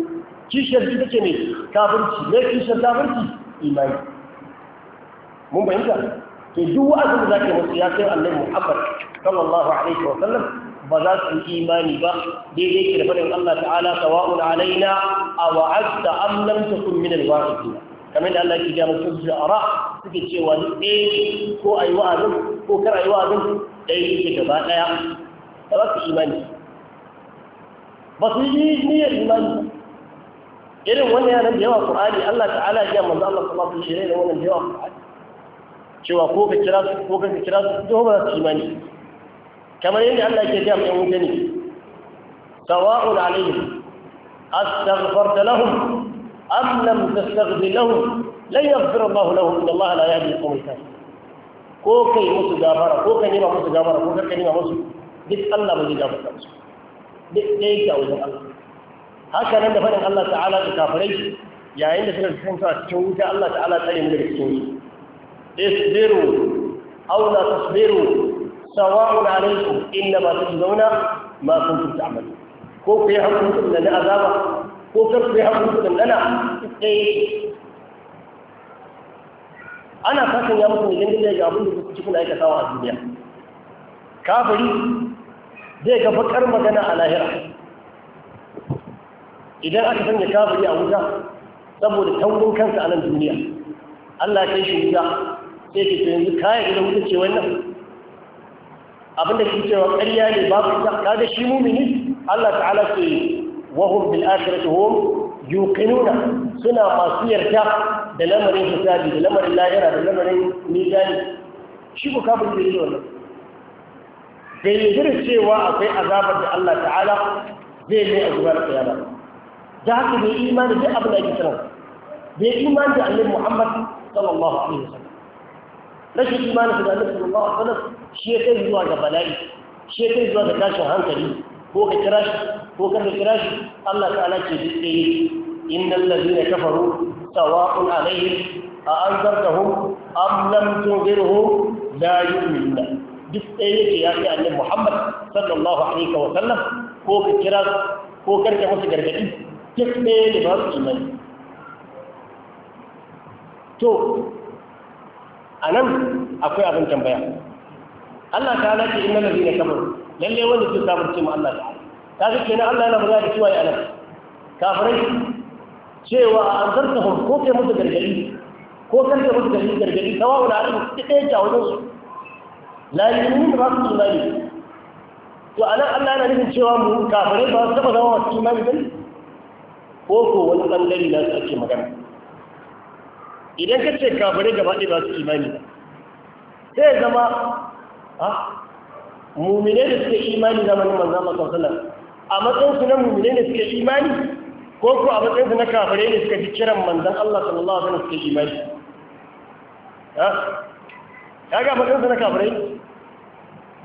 kishiyar ita ce ne kafirci ne kishiyar kafirci imani mun bayyana to duk wa'azin da zaka musu ya kai annabi Muhammad sallallahu alaihi wa sallam ba za su yi imani ba daidai ke da faɗin Allah ta'ala sawa'un alaina aw a'ta am lam takun min al-waqitin kamar da Allah ke ga musu da ara suke cewa ni eh ko ayi wa'azin ko kar ayi wa'azin ɗaya yake gaba ɗaya ba za su imani ba su yi niyyar imani irin wani yaran da yawa qur'ani Allah ta'ala ya manzo Allah sallallahu alaihi wasallam da wannan da yawa qur'ani cewa ko ka kira su ko ka kira su to ba su imani kamar yadda Allah ke ga mai wuta ne sawa'un alaihim astaghfarta lahum am lam tastaghfir lahum lan yaghfir Allah lahum inna Allah la yahdi al-qawm al-kafirin ko kai musu gafara ko ka nima musu gafara ko ka nima musu duk Allah ba zai gafarta musu duk ɗaya yake a wajen Allah haka nan da faɗin Allah ta'ala da kafirai yayin da suna kasance a cikin wuta Allah ta'ala tsare mu daga cikin su isbiru aw la tasbiru sawa'un alaykum innama tujzauna ma kuntum ta'malun ko ku yi hakuncin da na azaba ko kar ku yi hakuncin da na ɗaya ana fatan ya mutu idan da ya ga abin da kuke cikin aikatawa a duniya kafiri zai ga bakar magana a lahira idan aka sanya kafiri a wuta saboda taurin kansa a nan duniya Allah ya shi wuta sai ke to yanzu kayan idan wuta ce wannan abinda ke cewa karya ne ba ku ta kada shi mumini Allah ta'ala ce wahum bil akhirati hum yuqinuna suna masu yarda da lamarin hisabi da lamarin lahira da lamarin mizani shi ku kafin da yi wannan bai yi cewa akwai azabar da Allah ta'ala zai mai a zuwa da haka bai imani duk abin da ake kiran bai imani da annabi Muhammad sallallahu alaihi wasallam rashin imani da annabi sallallahu alaihi wasallam shi ya kai zuwa ga bala'i shi ya kai zuwa ga tashin hankali ko ka kira shi ko kar ka kira shi Allah ta'ala ce duk ɗaya innal ladina kafaru sawa'un alaihim a anzartahum am lam tunzirhum la yu'minun duk ɗaya yake ya fi annabi Muhammad sallallahu alaihi wa sallam ko ka kira ko karka musu gargadi duk ɗaya ne ba su imani to a nan akwai abin tambaya Allah ta ala ce innal ladina kafaru lalle wanda su samu ce mu Allah ta ta ga kenan Allah yana magana da cewa ya nan kafirai cewa an zarta ko kai musu gargadi ko karka musu gargadi gargadi tawawu na alim duk ɗaya ke a su Lalimin yu'minu ba su imani to anan Allah yana nufin cewa mu kafirai ba su taba zama masu imani bane ko ko wani bangare na su ake magana idan ka ce kafirai gaba ɗaya ba su imani ba sai zama ah mumine da suke imani zamanin manza masu sallallahu alaihi wasallam a matsayin su na mumine da suke imani ko ko a matsayin su na kafirai da suka fi kiran manzan Allah sallallahu alaihi wasallam suke imani ah, kaga matsayinsu na kafirai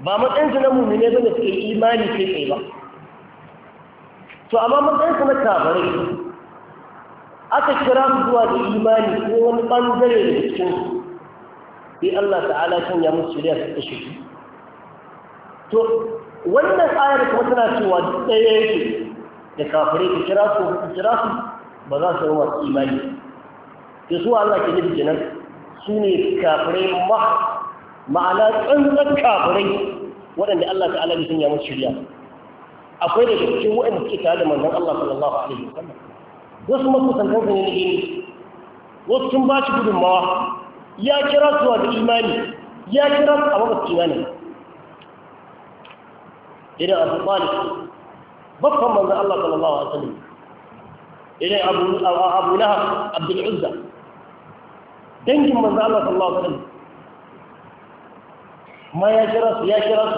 ba matsayinsu na mummune ba da suke imani kai tsaye ba to amma matsayinsu na kafirai aka kira su zuwa da imani ko wani bangare da cikin sai Allah ta'ala kan ya musu shirya su kashe to wannan ayar kuma tana cewa duk ɗaya yake da kafirai ka kira su ka kira su ba za su masu imani ke su Allah ke nufi kenan su ne kafirai ma ma'ana tsantsan kafirai waɗanda Allah ta'ala alaɗi sun musu shirya akwai da cikin waɗanda suke tare da manzon Allah sallallahu alaihi wasallam wasu masu sa ne na gini wasu sun ba shi gudunmawa ya kira su da imani ya kira su a wasu imani idan abu malik babban manzon Allah sallallahu alaihi wasallam idan abu abu lahab dangin manzon Allah sallallahu alaihi wasallam ما يا جرس يا جرس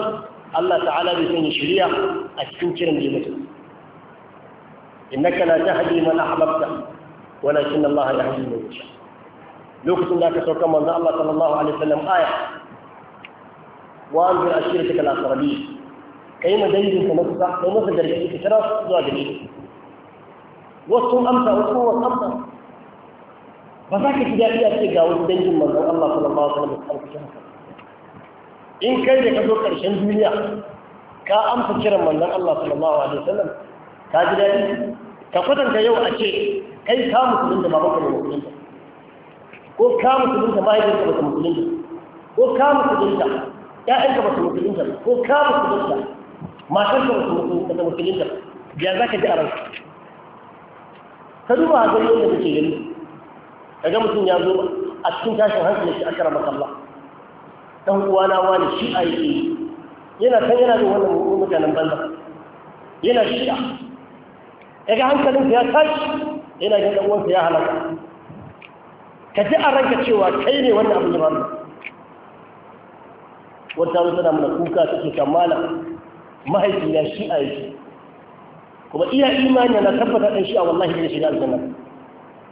الله تعالى بسن شريعة أتنكرم جمسك إنك لا تهدي من أحببت ولكن الله يهدي من يشاء لو كنت لوكت الله كسوك من الله صلى الله عليه وسلم آية وأنظر أشيرتك الأخرى لي كيما دليل تنصح تنصح دليل كسراف زادري وصم أمسى وصم وصم فذاك تجاهية تجاوز دليل من الله صلى الله عليه وسلم in kai da ka zo ƙarshen duniya ka amsa kiran manzon Allah sallallahu alaihi wasallam ka ji daɗi ka kwatanta yau a ce kai ka musulun da babanka ba musulun da ko ka musulun da mahaifinka ba musulun da ko ka musulun da ƴaƴanka ba musulun da ko ka musulun da matarka ba musulun da ya za ka ji a ranka ka duba a gani yadda kake gani ka ga mutum ya zo a cikin tashin hankali shi a karamar Allah dan uwana wani shi a yi yana kan yana da wannan mutanen banza yana shi a ɗaga hankalinsa ya tashi yana ga da uwansa ya halaka ka ji a ranka cewa kai ne wannan abin da ba wata wata na mana kuka take kammala ya shi a yi kuma iya imani yana tabbata ɗan shi a wallahi ne da aljanna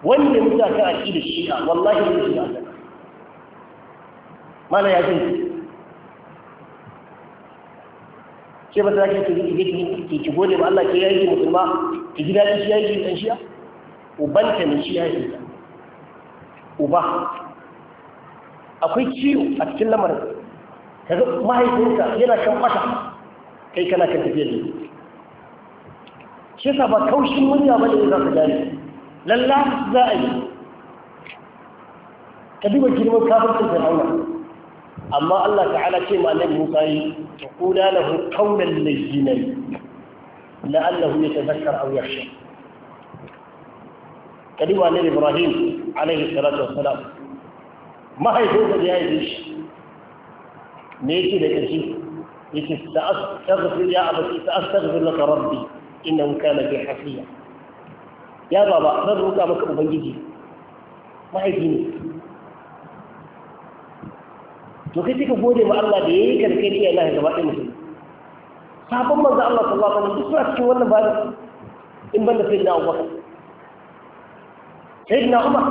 wanda ya mutu a da shi a, wallahi ne da aljanna mana ya zai ce ba za ki ki ki gode ba Allah ke yayi musulma ki gida ki shi yayi dan shiya uban ta ne shi yayi uba akwai ciwo a cikin lamarin kaga mahaifinka yana kan fata kai kana kan tafiya da shi yasa ba kaushin murya ba ne za ka lalla za a yi ka duba girman kafircin fir'auna amma Allah ta'ala ce ma annabi Musa yi kula lahu qawlan layyinan la'allahu yatadhakkar aw yakhsha kadiba annabi Ibrahim alaihi salatu wassalam mahaifinsa da ya yi shi me yake da ƙarshe yake ta'astaghfir ya abati ta'astaghfir laka rabbi innahu kana bi hafiya ya baba zan roƙa maka ubangiji mahaifi ne to kai kika gode ma Allah da yayi ka da kai Allah gaba ɗaya mutum sabon manzo Allah sallallahu alaihi wasallam duk cikin wannan ba in banda sai na Allah sai da Umar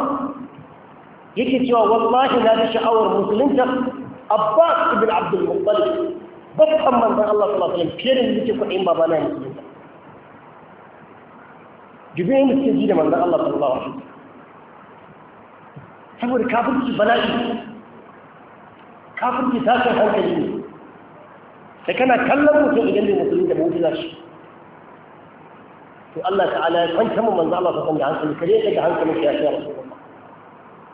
yake cewa wallahi na da sha'awar musulunta Abbas ibn Abdul Muttalib babban manzo Allah sallallahu alaihi wasallam kiran yake kudin baba na musulunta jibin da suke ji da manzo Allah sallallahu alaihi wasallam saboda kafirci bala'i kafirci tashin hankali ne da kana kallon mutum idan bai musulmi da mu'jiza shi to Allah ta'ala ya kwanta mu manzo Allah sallallahu alaihi hankali kare daga hankalin ya shi Rasulullah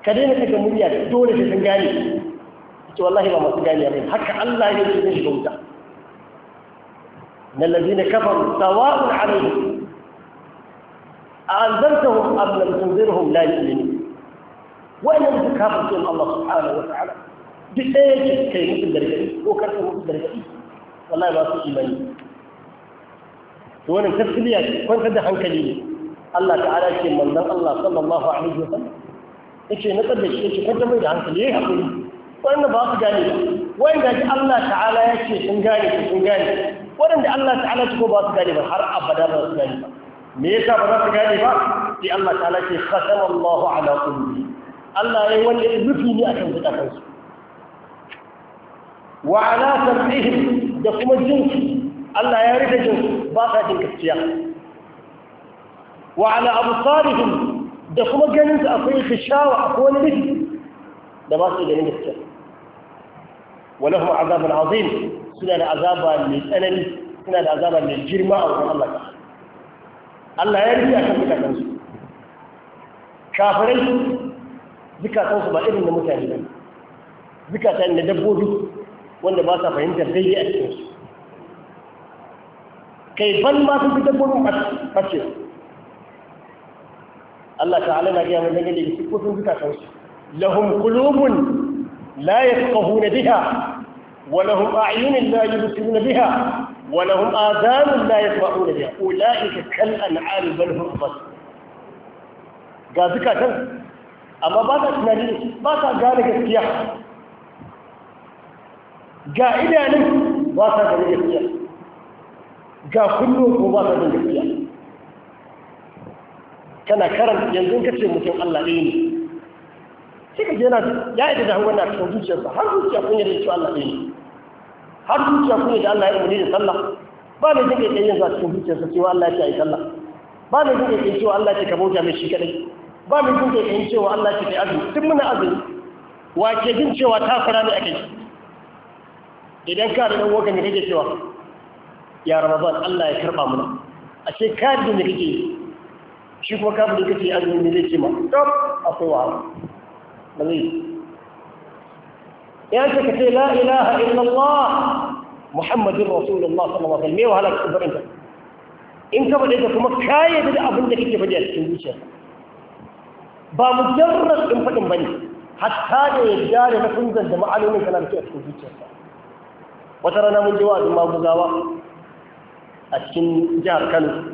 ka daina kaga murya dole sai sun gane ce wallahi ba masu gane ba haka Allah ya yi zai shiga wuta na lazina kafaru sawa'un alaihim أأنذرتهم أم لم تنذرهم لا يؤمنون وإن كفرتم الله سبحانه وتعالى duk ɗaya yake kai musu gargaɗi ko karka musu gargaɗi wallahi ba su imani to wannan tasiriya ce kwantar da hankali ne Allah ta'ala ce manzon Allah sallallahu alaihi wa sallam yake na tsada shi yake kwantar mai da hankali yayi hakuri wannan ba su gane ba wanda ji Allah ta'ala ya ce sun gane sun gane wanda Allah ta'ala ce ko ba su gane ba har abada ba su gane ba me yasa ba za su gane ba sai Allah ta'ala ce khatama Allahu ala qulubi Allah ya yi wani rufi ne akan zukatansu wa ala sam'ihim da kuma jinsu Allah ya rida jinsu ba sa jin gaskiya wa ala absarihim da kuma ganin su akwai fishawa akwai wani rufi da ba su ganin gaskiya wa lahum azabun azim suna da azaba mai tsanani suna da azaba mai girma a wurin Allah Allah ya rida kan zukatan su kafirai zikatan su ba irin da mutane ba zukatan da dabbobi wanda ba sa fahimtar daidai a cikin su kai ban ma sun fitar gurin ɓace Allah ta'ala na gaya mai dangane da su ko sun zuka kansu lahum qulubun la na biha wa lahum a'yunun la yubsiruna biha wa lahum adhanun la na biha ulaika kal an'am bal hum adall ga zukatan amma ba ta tunani ba ta gane gaskiya ga idanun ba sa da gaskiya ga kullum ko ba sa da gaskiya kana karanta yanzu ka ce mutum Allah ɗaya ne shi ka yana ya yi da hangon na cikin zuciyarsa har zuciya kun yi da cewa Allah ɗaya ne har zuciya kun yi da Allah ya ne da sallah ba ne jin kai yanzu a cikin zuciyarsa cewa Allah ya ce a yi sallah ba ne jin kai cewa Allah ya ce ka bauta mai shi kadai ba ne jin kai cewa Allah ya ce ka yi azumi duk muna azumi wa ke jin cewa ta fara ne a kai idan ka da ɗan da kake cewa ya ramadan Allah ya karɓa mana a ce ka da da kake shi kuma ka da kake azumi ne zai ce ma ɗan akwai wahala ba zai ya ce ka ce la ilaha illallah muhammadin rasulullah sallallahu alaihi wasallam me wahala ka tsibirin ta in ka faɗe kuma ka yadda abin da kake faɗi a cikin zuciya ba mu jarrar ɗin faɗin ba hatta da yadda da na kunzan da ma'alomin kana da a cikin zuciyarsa wata rana mun je wa'azin maguzawa a cikin jihar kano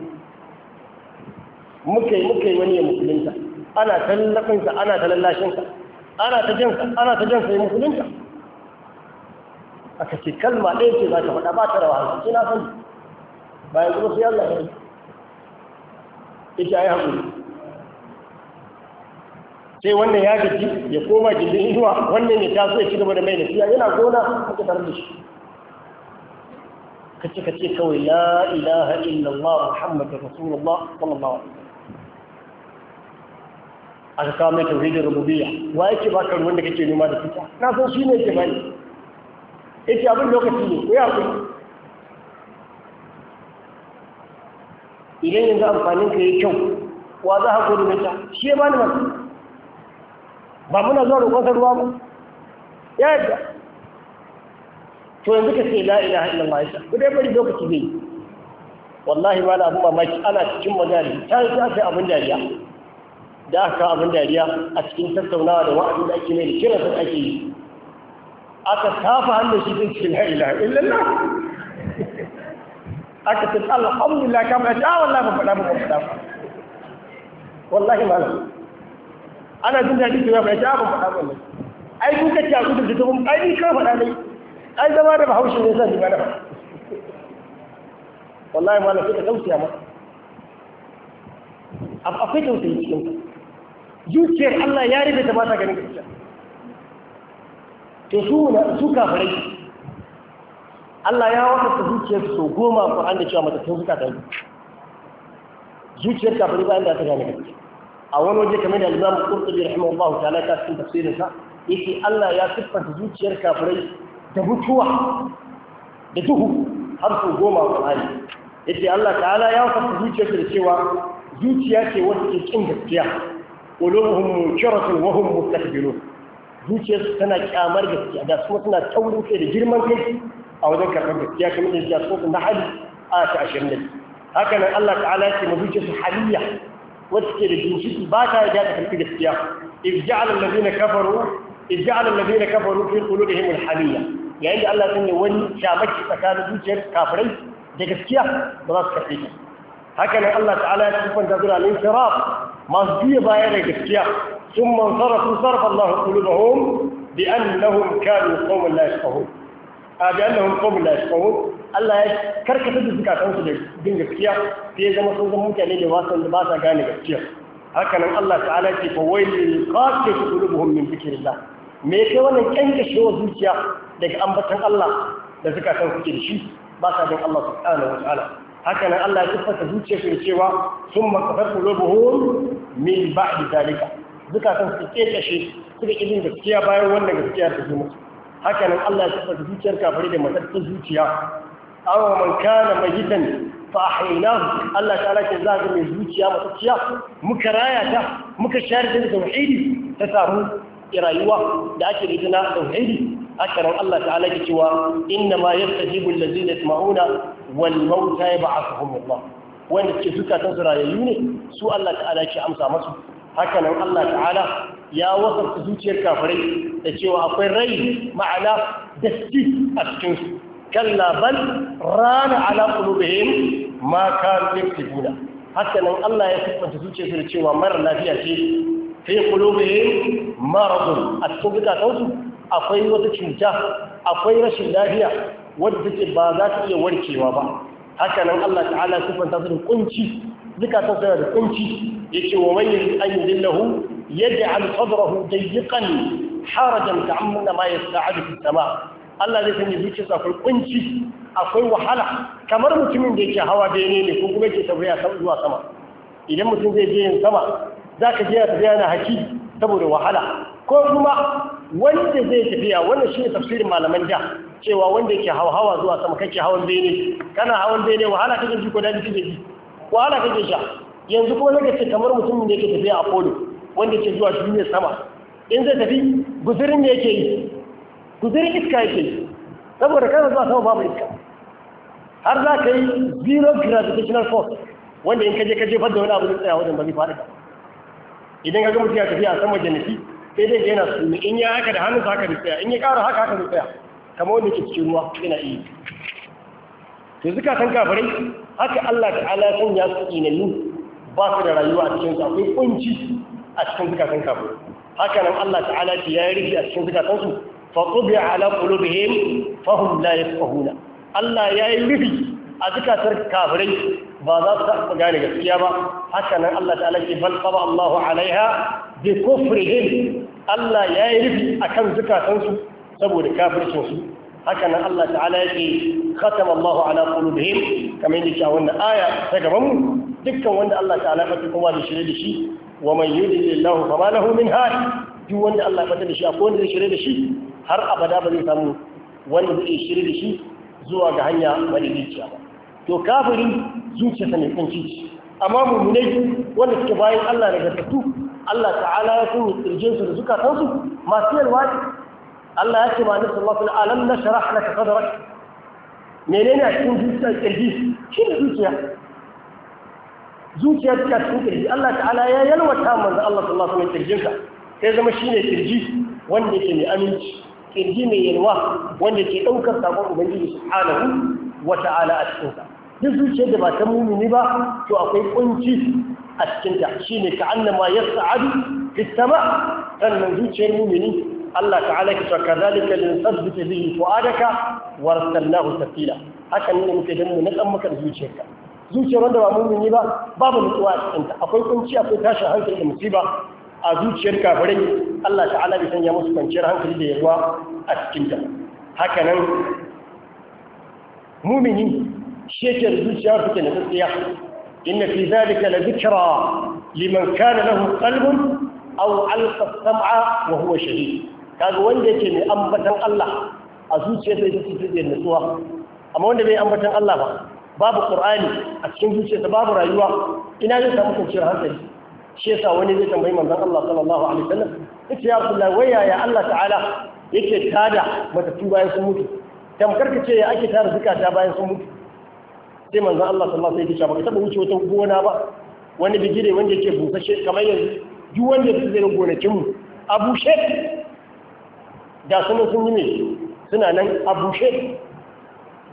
muka yi wani ya musulunta ana ta lallafinsa ana ta lallashinsa ana ta jinsa ana ta jinsa ya musulunta aka ce kalma ɗaya ce za ta faɗa ba ta rawa hansu na sani bayan kuma sai Allah ne yi ya yi haƙuri sai wannan ya gaji ya koma gindin inuwa wannan ya taso ya ci gaba da mai da siya yana gona a tarar da shi kace kace kawai la ilaha illallah muhammadur rasulullah sallallahu alaihi aka kawo mai tauhidin rububiyya wa yake baka ruwan da kake nema da fita na san shi ne ke bani yake abin lokaci ne ko ya kuma idan yanzu amfanin ka yi kyau wa za ka gudu mai ta shi ya bani masu ba muna zuwa roƙon ruwa ba ya yadda to yanzu ka ce la ilaha illallah ya ku dai bari lokaci zai wallahi ba abin mamaki ana cikin magana ta yi ta abin dariya da aka abin dariya a cikin tattaunawa da wa'azi da ake mai da kiran sun ake yi aka tafa hannun shi sun cikin la'ila. ilaha illallah aka ce alhamdulillah kamar ta ah, wallahi ba faɗa ba ba faɗa ba wallahi malam ana jin daɗi cewa bai ta ba ah, faɗa ba ne ai kuka ci a kudu da ta mun ai ni kan faɗa ne ai zama da bahaushe ne zan yi da ba wallahi ma na sai ka tausaya masa akwai tausayi cikin ku? zuciyar Allah ya rufe ta mata ganin gaskiya to su na su kafirai Allah ya wata zuciyar su goma Qur'an da cewa mata tausuka ta yi zuciyar kafirai ba inda ta gane gaskiya a wani waje kamar da Imam Qurtubi rahimahullahu ta'ala ta cikin tafsirinsa yake Allah ya siffanta zuciyar kafirai da mutuwa da duhu har su goma a ƙwari yace Allah ta'ala ya fasa zuciyar da cewa zuciya ce wata ke kin gaskiya qulubuhum munkiratun wa mu mustakbirun biro. su tana kyamar gaskiya da su tana taurin kai da girman kai a wajen karɓar gaskiya kamar da ya so na hali a ta ashirin da haka nan Allah ta'ala ya ce ma zuciyar su haliya wacce ke da jinshi ba ta yarda ta karɓi gaskiya iz ja'ala allazina kafaru ij'al alladhina kafaru fi qulubihim alhamiyya yayin da Allah sanya wani shamaki tsakanin zuciyar kafirai da gaskiya ba za su karɓe ta haka nan Allah ta'ala ya sifanta zuwa lin siraf masu biya baya da gaskiya sun man sarrafu sarrafa Allah qulubahum bi annahum kanu qawman la yafqahun a bi annahum qawman la yafqahun Allah ya karkata da zukatansu da bin gaskiya sai ya zama sun zama mutane da ba sa gane gaskiya haka nan Allah ta'ala ya ce fa wailil qasiyati qulubuhum min dhikrillah me kai wannan kyankashewa zuciya daga ambatan Allah da suka san kuke da shi ba sa jin Allah subhanahu wa ta'ala haka nan Allah ya siffanta zuciyar su cewa sun makafar qulubuhum min ba'di zalika suka san su kekashe suka kidin gaskiya bayan wannan gaskiya ta zo haka nan Allah ya siffanta zuciyar kafiri da matattun zuciya aw man kana mayitan fa ahyaynahu Allah ta'ala ke zaga mai zuciya matacciya muka raya ta muka share da tauhidi ta samu rayuwa da ake rita na tauhidi akaran Allah ta'ala ke cewa inna ma yastajibu allazina yasma'una ba a yab'athuhum ba wanda ke zukatan su rayayyu ne su Allah ta'ala ke amsa masu haka nan Allah ta'ala ya wasafta zuciyar kafirai da cewa akwai rai ma'ana dasti a cikin su kalla rana ala qulubihim ma kanu yaktubuna haka nan Allah ya siffanta zuciyarsu da cewa mara lafiya ce fi qulubihim maradun a cikin akwai wata cuta akwai rashin lafiya wadda take ba za ta iya warkewa ba haka nan Allah ta'ala sifanta su da kunci zukatansu da kunci yace wa man yudillahu yaj'al sadrahu dayyiqan harajan ta'amuna ma yasta'adu fi sama Allah zai sanya zuciyarsa akwai kunci akwai wahala kamar mutumin da yake hawa bene ne ko kuma yake tafiya zuwa sama idan mutum zai je yin sama za ka jiya tafiya na haki saboda wahala ko kuma wanda zai tafiya wannan shi ne tafsirin malaman da cewa wanda yake hawa zuwa sama kake hawan bene kana hawan bene wahala kake ji ko daji kake ji wahala kake sha yanzu kuma na ce kamar mutumin da yake tafiya a polo wanda yake zuwa duniya sama in zai tafi guzurin da yake yi guzurin iska yake yi saboda kana zuwa sama babu iska har za ka yi zero gravitational force wanda in kaje ka jefar da wani abu zai tsaya wajen ba zai faɗi idan ka ga mutum ya tafiya a sama janifi sai dai yana su in ya haka da hannunsa haka zai tsaya in ya ƙara haka haka zai tsaya kamar wanda ke cikin ruwa yana iya to zukatan kafirai haka Allah ta'ala ya sanya su inannu ba su da rayuwa a cikin su akwai kunci a cikin zukatan kafirai haka nan Allah ta'ala ce ya rufe a cikin zukatan su fa tubi ala qulubihim fa hum la yafqahuna Allah ya yi rufi a zukatar kafirai ba za su taɓa gane gaskiya ba haka nan Allah ta'ala ke bal qaba Allahu alaiha bi kufrihim Allah ya yi rufi a akan zukatansu saboda kafircin su haka nan Allah ta'ala yake khatama Allahu ala qulubihim kamar yadda cewa wannan aya ta gaban mu dukkan wanda Allah ta'ala ya fata kuma da shirye da shi wa man yudlilillahu fama lahu min hadi duk wanda Allah ya fata da shi akwai wanda zai shirye da shi har abada ba zai samu wanda zai shirye da shi zuwa ga hanya madidiciya ba to kafiri zuciyarsa mai tsanci amma mummunai wanda suke bayan Allah daga tattu Allah ta'ala ya sanya su da zukatansu masu yalwa ne Allah ya ce ma nasu Allah alam na sharah na kasa da rak menene a cikin zuciyar kirji shi ne zuciya zuciya ta cikin kirji Allah ta'ala ya yalwata manzo Allah sallallahu alaihi wasallam kirjinka sai zama shi ne kirji wanda yake mai aminci kirji mai yalwa wanda ke ɗaukar sakon ubangiji subhanahu wa ta'ala a cikin sa duk zuciyar da ba ta mumini ba to akwai kunci a cikin ta shine ka annama yas'adu sa'adu, fitama. sannan zuciyar mumini Allah ta'ala ki saka zalika lin tasbita bihi fuadaka wa arsalnahu tafila haka ne muke dan mu nadan maka zuciyarka zuciyar wanda ba mumini ba babu nutsuwa a cikin ta akwai kunci akwai tashin hankali da musiba a zuciyar kafirai Allah ta'ala bai sanya musu kwanciyar hankali da yawa a cikin ta haka nan mumini شكر ذو شافك نفسيا إن في ذلك لذكرى لمن كان له قلب أو ألقى السمع وهو شهيد kaga wanda yake mai ambatan Allah a zuciyarsa ita ce take nutsuwa amma wanda bai ambatan Allah ba babu Qur'ani a cikin zuciyarsa babu rayuwa ina zai samu kwanciyar hankali shi yasa wani zai tambayi manzon Allah sallallahu alaihi wasallam yace ya Abdullah waya ya Allah ta'ala yake tada matattu bayan sun mutu tamkar ka ce ya ake tara zukata bayan sun mutu sai manzo Allah sallallahu alaihi wasallam sai ya taba wuce wata gona ba wani bigire wanda yake busashe kamar yanzu duk wanda yake zai gonakin mu a bushe da sun sun yi ne suna nan a bushe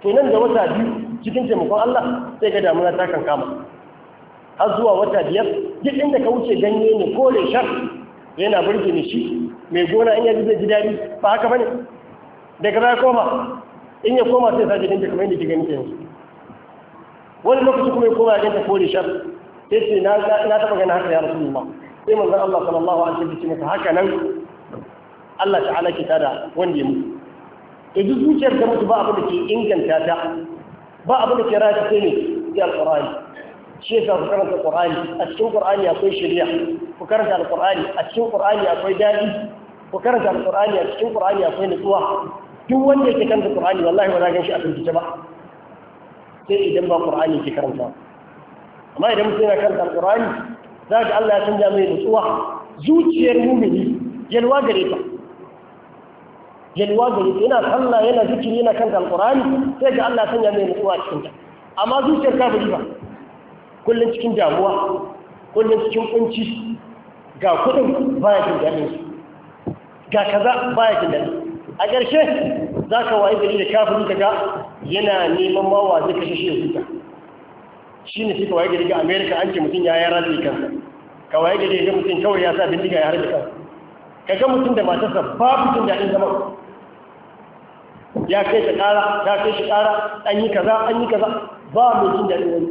to nan da wata biyu cikin taimakon Allah sai ga damuna ta kan kama har zuwa wata biyar duk inda ka wuce ganye ne ko shar yana burge ni shi mai gona in ji zai ji daɗi ba haka bane daga baya koma in ya koma sai sa jikin kamar yadda ke gani yanzu wani lokaci kuma ya koma ya ko da shar sai ce na taɓa gani haka ya rasulullah sai manzon Allah sallallahu alaihi wasallam ce masa haka nan Allah ta'ala ke tada wanda ya mutu yanzu zuciyar ta mutu ba abin da ke inganta ta ba abin da ke rata sai ne sai alqur'ani shi yasa ku karanta qur'ani a cikin qur'ani akwai shari'a ku karanta alqur'ani a cikin qur'ani akwai dadi ku karanta alqur'ani a cikin qur'ani akwai nutsuwa duk wanda yake karanta qur'ani wallahi ba za ka shi a turkice ba sai idan ba ƙur'ani ke karanta amma idan mutum yana karanta qur'ani za ka Allah ya canja mai nutsuwa zuciyar mumini yalwa gare ta yalwa gare ta yana sallah yana zikiri yana karanta alqur'ani sai ga Allah ya canja mai nutsuwa cikin ta amma zuciyar kafiri ba kullum cikin damuwa kullum cikin kunci ga kudin baya jin daɗin su ga kaza baya jin daɗin a ƙarshe za ka waye gari da kafin ka ga yana neman mawa zai kashe shi ya huta shi ne suka waye gari ga amerika an ce mutum ya yi rafi kansa ka waye gari ga mutum kawai ya sa bindiga ya harbe kan ka ga mutum da matarsa babu jin daɗin zama ya kai ta ƙara ta kai shi ƙara an yi kaza an yi kaza ba mai jin daɗin wani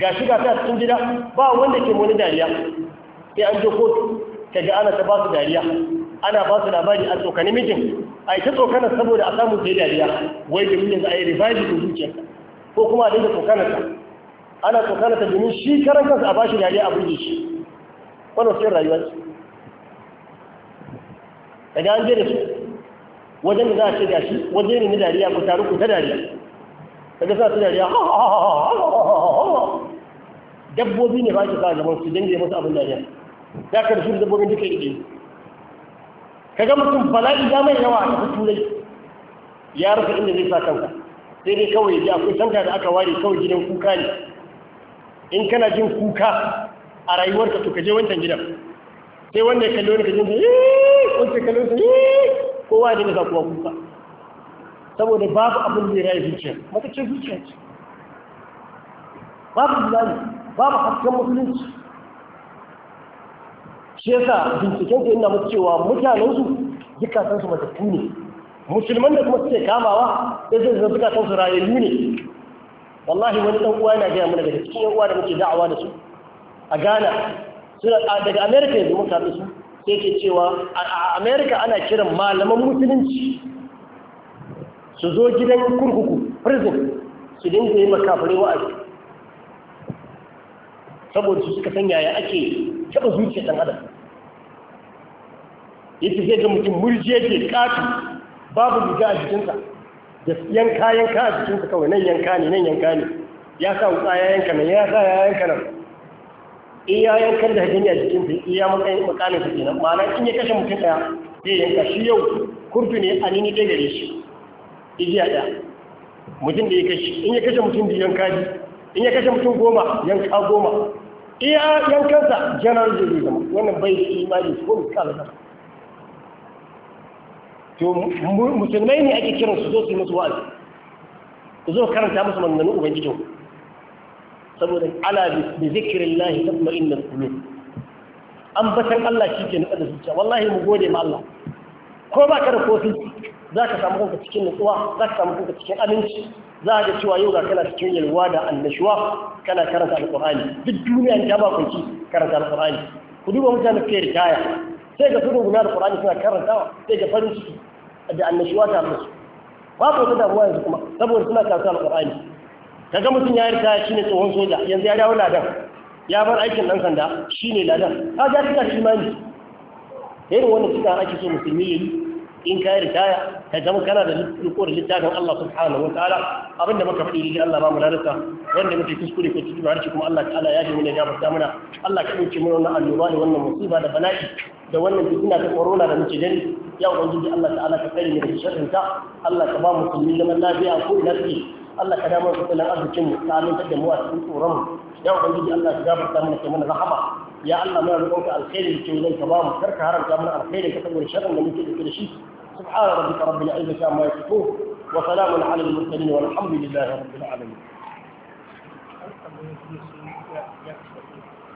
ga shiga ta cikin gida ba wanda ke wani dariya sai an je kotu ka ga ana ta ba su dariya ana ba su labari a tsokani mijin a ita tsokanar saboda a samu sai dariya wai domin yanzu a yi revive da zuciyarsa ko kuma a dinga tsokanarsa ana tsokanarsa domin shi karan kansa a bashi dariya a burge shi wannan sai rayuwar daga an je su wajen da za a ce da shi waje ne na dariya ku taru ku ta dariya daga sa su dariya dabbobi ne ba ki sa gaban su dange musu abin dariya ha ha da ha dabbobin duka ha kaga mutum bala'i ya mai yawa a turai ya rasa inda zai sa kanka sai dai kawai ya akwai tanka da aka ware kawai gidan kuka ne in kana jin kuka a rayuwarka to ka je wancan gidan sai wanda ya kalli wani ka jin wancan sai yi kowa ne ka kuwa kuka saboda babu abin da ya rayu zuciya matacin zuciya ce babu zuciya babu hasken musulunci shi yasa binciken ku ina cewa mutanen su zukatan su matattu ne musulman da kuma suke kamawa da zai zan zukatan su rayayyu ne wallahi wani dan uwa yana gaya mana daga cikin yan uwa da muke da'awa da su a Ghana suna daga America yanzu muka su sai ke cewa a America ana kiran malaman musulunci su zo gidan kurkuku prison su dinga yi makafirai wa'azi saboda su suka san yaya ake taɓa zuciya ɗan adam yake zai ga mutum murjeje katu babu riga a jikinsa da yanka yanka a jikinsa kawai nan yanka ne nan yanka ne ya sa wuka ya yanka nan ya sa ya yanka nan in ya yankan da gani a jikinsa in ya matsayin makamin sa kenan ma'ana in ya kashe mutum daya zai yanka shi yau kurfi ne a nini ɗaya gare shi igiya ɗaya mutum da ya kashe in ya kashe mutum biyu yanka biyu in ya kashe mutum goma yanka goma iya yankansa janar zai zama wannan bai imani ko misali to musulmai ne ake kiran su zo su yi musu wa'azi ku zo karanta musu manganin ubangijin saboda ala bi zikirin lahi ta kuma inna kulu an batan Allah shi ke na da zuciya wallahi mu gode ma Allah ko ba ka da kofin za ka samu kanka cikin nutsuwa za ka samu kanka cikin aminci za ka ga cewa yau ga kana cikin yalwa da annashuwa kana karanta alƙur'ani duk duniya ta ba kunci karanta alƙur'ani ku duba mutane fiye da kaya sai ga tudun guna da suna karantawa sai ga farin ciki da annashuwa ta musu babu wata damuwa yanzu kuma saboda suna karanta ka ga mutum ya yi shi ne tsohon soja yanzu ya dawo ladan ya bar aikin ɗan sanda shi ne ladan ka ga ma imani irin wannan cikin ake so musulmi yi. in ka yi ritaya ka zama kana da rikon littafin Allah subhanahu wa ta'ala abinda muka faɗi ne Allah ba mu larasa wanda muke kuskure ko cikin harshe kuma Allah ta'ala ya ji mu ne ya farta mana Allah ka dauke mu wannan annoba da wannan musiba da bala'i da wannan fitina ta corona da muke gani ya ubangiji Allah ta'ala ka kare mu daga sharrin ta Allah ka ba mu kullu zaman lafiya ko ina Allah ka da da tsanan arzikin mu ta amintar da mu a cikin tsoron mu ya ubangiji Allah ka gafarta mana kai mana rahama ya Allah muna roƙonka alkhairin da zai ka bamu mu karka haramta mana alkhairin ka saboda sharrin da muke dauke da shi subhana rabbika rabbil izzati amma yasifun wa salamun alal mursalin walhamdulillahi rabbil alamin